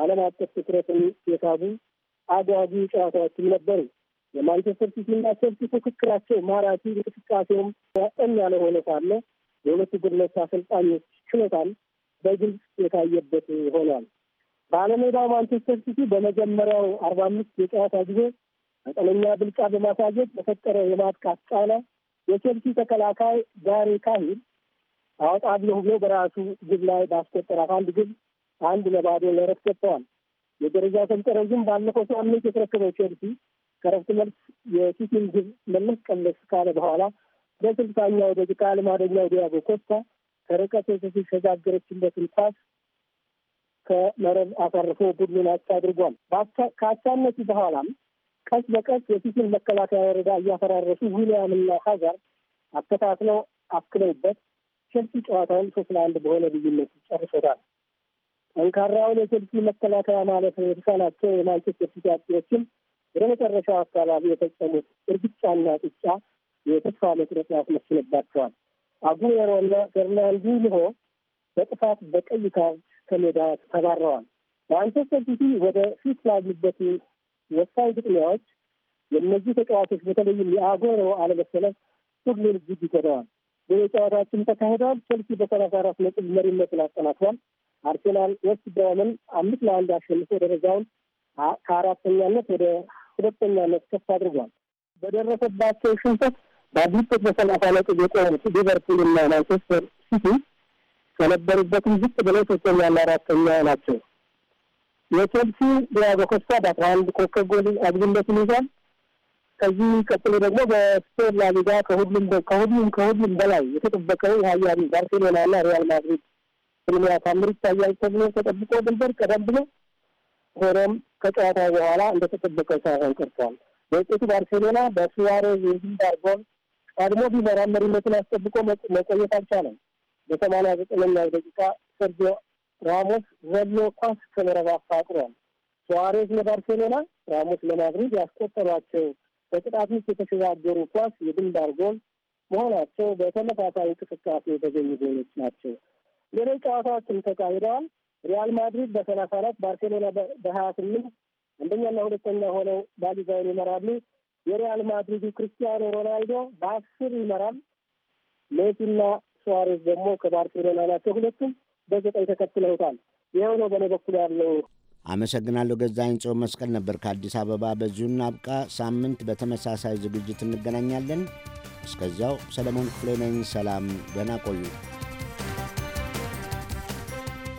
ዓለም አቀፍ ትኩረትን የሳቡ አጓጊ ጨዋታዎችም ነበሩ። የማንቸስተር ሲቲና ቼልሲ ፉክክራቸው ማራኪ፣ እንቅስቃሴውም ጠን ያለ ሆነ ሳለ የሁለቱ ቡድኖች አሰልጣኞች ችሎታል በግልጽ የታየበት ሆኗል። ባለሜዳው ማንቸስተር ሲቲ በመጀመሪያው አርባ አምስት የጨዋታ ጊዜ መጠነኛ ብልጫ በማሳየት በፈጠረው የማጥቃት ጫና የቸልሲ ተከላካይ ጋሪ ካሂል አወጣለሁ ብሎ በራሱ ግብ ላይ ባስቆጠራት አንድ ግብ አንድ ለባዶ ለረት ሰጥተዋል። የደረጃ ሰንጠረዡን ባለፈው ሳምንት የተረከበው ቼልሲ ከረፍት መልስ የሲቲን ግብ መለስ ቀለስ ካለ በኋላ በስልሳኛው ደቂቃ ልማደኛው ዲያጎ ኮስታ ከርቀት የተሸጋገረችበትን ኳስ ከመረብ አሳርፎ ቡድኑን አቻ አድርጓል። ከአቻነቱ በኋላም ቀስ በቀስ የሲቲን መከላከያ ወረዳ እያፈራረሱ ዊሊያምና ሀዛር አከታትለው አክለውበት ቼልሲ ጨዋታውን ሶስት ለአንድ በሆነ ልዩነት ጨርሶታል። ጠንካራውን የቼልሲ መከላከያ ማለት ነው የተሳናቸው የማንቸስተር ሲቲ አጥቂዎችም ወደ መጨረሻው አካባቢ የፈጸሙት እርግጫና ጥጫ የተስፋ መቁረጥ ያስመስልባቸዋል። አጉዌሮና ልሆ በጥፋት በቀይ ካርድ ከሜዳ ተባረዋል። ማንቸስተር ሲቲ ወደ ፊት ላሉበት ወሳኝ ግጥሚያዎች የእነዚህ ተጫዋቾች በተለይም የአጎሮ አለመሰለፍ ሁሉን እጅግ ይጎዳዋል። በጨዋታችን ተካሂደዋል። ቼልሲ በሰላሳ አራት ነጥብ መሪነትን አጠናክሯል። አርሴናል ዌስት ብሮምን አምስት ለአንድ አሸንፎ ደረጃውን ከአራተኛነት ወደ ሁለተኛነት ከፍ አድርጓል። በደረሰባቸው ሽንፈት በአዲስ በሰላሳ ነጥብ የቆሙት ሊቨርፑል እና ማንቸስተር ሲቲ ከነበሩበትም ዝቅ ብለው ሶስተኛ ሶስተኛና አራተኛ ናቸው። የቼልሲ ዲያጎ ኮስታ በአስራ አንድ ኮከብ ጎል አግቢነቱን ይዟል። ከዚህ ቀጥሎ ደግሞ በስፔን ላሊጋ ከሁሉም ከሁሉም ከሁሉም በላይ የተጠበቀው ሀያሉ ባርሴሎና እና ሪያል ማድሪድ ታምር ይታያል ተብሎ ተጠብቆ ድንበር ቀደም ብሎ ሆኖም ከጨዋታ በኋላ እንደተጠበቀ ሳይሆን ቀርቷል። በውጤቱ ባርሴሎና በሱዋሬዝ የግንባር ጎል ቀድሞ ቢመራ መሪነትን አስጠብቆ መቆየት አልቻለም። በሰማንያ ዘጠነኛ ደቂቃ ሰርጆ ራሞስ ዘሎ ኳስ ከመረብ አፋጥሯል። ሱዋሬዝ ለባርሴሎና ራሞስ ለማድሪድ ያስቆጠሯቸው በቅጣት የተሸጋገሩ ኳስ የግንባር ጎል መሆናቸው በተመሳሳይ እንቅስቃሴ የተገኙ ጎሎች ናቸው። ሌሎች ጨዋታዎችም ተካሂደዋል። ሪያል ማድሪድ በሰላሳ አራት ባርሴሎና በሀያ ስምንት አንደኛና ሁለተኛ ሆነው ላሊጋውን ይመራሉ። የሪያል ማድሪዱ ክርስቲያኖ ሮናልዶ በአስር ይመራል። ሜሲና ሱዋሬዝ ደግሞ ከባርሴሎና ናቸው። ሁለቱም በዘጠኝ ተከትለውታል። ይኸው ነው በእኔ በኩል ያለው። አመሰግናለሁ። ገዛኸኝ ጽዮን መስቀል ነበር ከአዲስ አበባ። በዚሁና አብቃ። ሳምንት በተመሳሳይ ዝግጅት እንገናኛለን። እስከዚያው ሰለሞን ክፍሌ ነኝ። ሰላም፣ ደህና ቆዩ።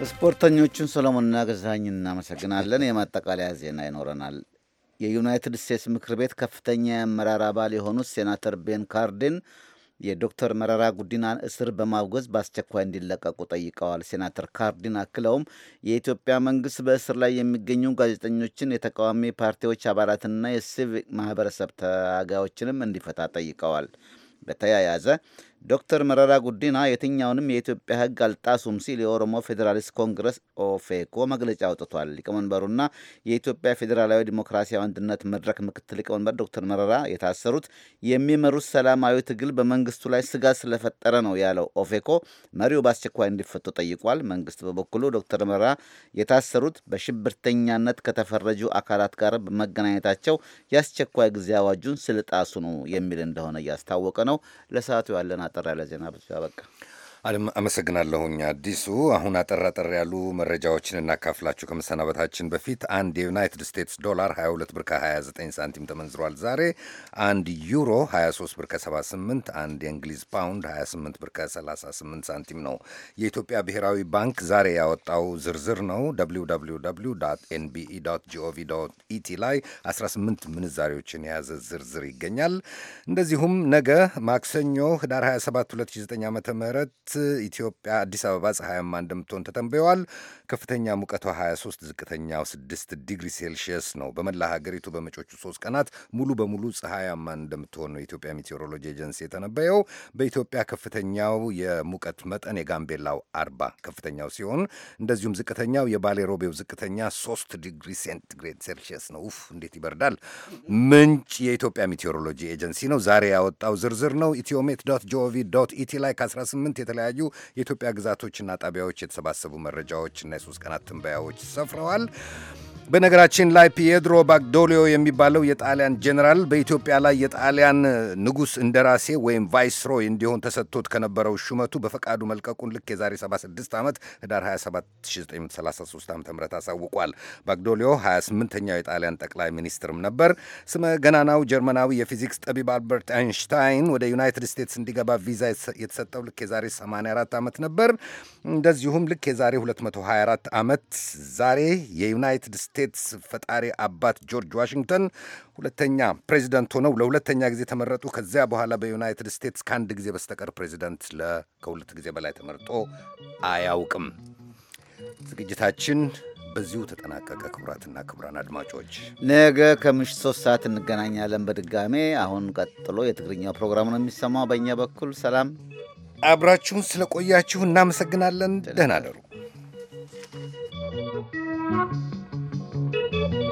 ስፖርተኞቹን ሰሎሞንና ገዛኝ እናመሰግናለን። የማጠቃለያ ዜና ይኖረናል። የዩናይትድ ስቴትስ ምክር ቤት ከፍተኛ የአመራር አባል የሆኑት ሴናተር ቤን ካርዲን የዶክተር መረራ ጉዲናን እስር በማውገዝ በአስቸኳይ እንዲለቀቁ ጠይቀዋል። ሴናተር ካርዲን አክለውም የኢትዮጵያ መንግስት በእስር ላይ የሚገኙ ጋዜጠኞችን፣ የተቃዋሚ ፓርቲዎች አባላትንና የሲቪክ ማህበረሰብ ታጋዮችንም እንዲፈታ ጠይቀዋል። በተያያዘ ዶክተር መረራ ጉዲና የትኛውንም የኢትዮጵያ ሕግ አልጣሱም ሲል የኦሮሞ ፌዴራሊስት ኮንግረስ ኦፌኮ መግለጫ አውጥቷል። ሊቀመንበሩና የኢትዮጵያ ፌዴራላዊ ዲሞክራሲያዊ አንድነት መድረክ ምክትል ሊቀመንበር ዶክተር መረራ የታሰሩት የሚመሩት ሰላማዊ ትግል በመንግስቱ ላይ ስጋት ስለፈጠረ ነው ያለው ኦፌኮ መሪው በአስቸኳይ እንዲፈቱ ጠይቋል። መንግስት በበኩሉ ዶክተር መረራ የታሰሩት በሽብርተኛነት ከተፈረጁ አካላት ጋር በመገናኘታቸው የአስቸኳይ ጊዜ አዋጁን ስለጣሱ ነው የሚል እንደሆነ እያስታወቀ ነው። ለሰዓቱ ያለን አጠር ያለ ዜና ብቻ በቃ አለም አመሰግናለሁኝ አዲሱ። አሁን አጠራጠር ያሉ መረጃዎችን እናካፍላችሁ ከመሰናበታችን በፊት አንድ የዩናይትድ ስቴትስ ዶላር 22 ብር ከ29 ሳንቲም ተመንዝሯል ዛሬ። አንድ ዩሮ 23 ብር ከ78፣ አንድ የእንግሊዝ ፓውንድ 28 ብር ከ38 ሳንቲም ነው። የኢትዮጵያ ብሔራዊ ባንክ ዛሬ ያወጣው ዝርዝር ነው። www ኤንቢኢ ጂኦቪ ኢቲ ላይ 18 ምንዛሬዎችን የያዘ ዝርዝር ይገኛል። እንደዚሁም ነገ ማክሰኞ ህዳር 27 2009 ዓ ም ኢትዮጵያ አዲስ አበባ ፀሐያማ እንደምትሆን ተተንብየዋል። ከፍተኛ ሙቀቷ 23፣ ዝቅተኛው 6 ዲግሪ ሴልሺየስ ነው። በመላ ሀገሪቱ በመጪዎቹ ሶስት ቀናት ሙሉ በሙሉ ፀሐያማ እንደምትሆን ነው የኢትዮጵያ ሜቴሮሎጂ ኤጀንሲ የተነበየው። በኢትዮጵያ ከፍተኛው የሙቀት መጠን የጋምቤላው 40 ከፍተኛው ሲሆን እንደዚሁም ዝቅተኛው የባሌ ሮቤው ዝቅተኛ 3 ዲግሪ ሴንቲግሬድ ሴልሺየስ ነው። ኡፍ እንዴት ይበርዳል! ምንጭ የኢትዮጵያ ሜቴሮሎጂ ኤጀንሲ ነው። ዛሬ ያወጣው ዝርዝር ነው። ኢትዮሜት ዶት ጂኦቪ ኢቲ ላይ ከ18 ከተለያዩ የኢትዮጵያ ግዛቶችና ጣቢያዎች የተሰባሰቡ መረጃዎችና የሶስት ቀናት ትንበያዎች ሰፍረዋል። በነገራችን ላይ ፒየድሮ ባግዶሊዮ የሚባለው የጣሊያን ጄኔራል በኢትዮጵያ ላይ የጣሊያን ንጉሥ እንደራሴ ወይም ቫይስሮይ እንዲሆን ተሰጥቶት ከነበረው ሹመቱ በፈቃዱ መልቀቁን ልክ የዛሬ 76 ዓመት ህዳር 27 1933 ዓ ም አሳውቋል። ባግዶሊዮ 28ኛው የጣሊያን ጠቅላይ ሚኒስትርም ነበር። ስመ ገናናው ጀርመናዊ የፊዚክስ ጠቢብ አልበርት አይንሽታይን ወደ ዩናይትድ ስቴትስ እንዲገባ ቪዛ የተሰጠው ልክ የዛሬ 84 ዓመት ነበር። እንደዚሁም ልክ የዛሬ 224 ዓመት ዛሬ የዩናይትድ ስቴትስ ፈጣሪ አባት ጆርጅ ዋሽንግተን ሁለተኛ ፕሬዚደንት ሆነው ለሁለተኛ ጊዜ ተመረጡ። ከዚያ በኋላ በዩናይትድ ስቴትስ ከአንድ ጊዜ በስተቀር ፕሬዚደንት ከሁለት ጊዜ በላይ ተመርጦ አያውቅም። ዝግጅታችን በዚሁ ተጠናቀቀ። ክቡራትና ክቡራን አድማጮች ነገ ከምሽት ሶስት ሰዓት እንገናኛለን በድጋሜ አሁን ቀጥሎ የትግርኛ ፕሮግራም ነው የሚሰማው። በእኛ በኩል ሰላም፣ አብራችሁን ስለቆያችሁ እናመሰግናለን። ደህና ደሩ።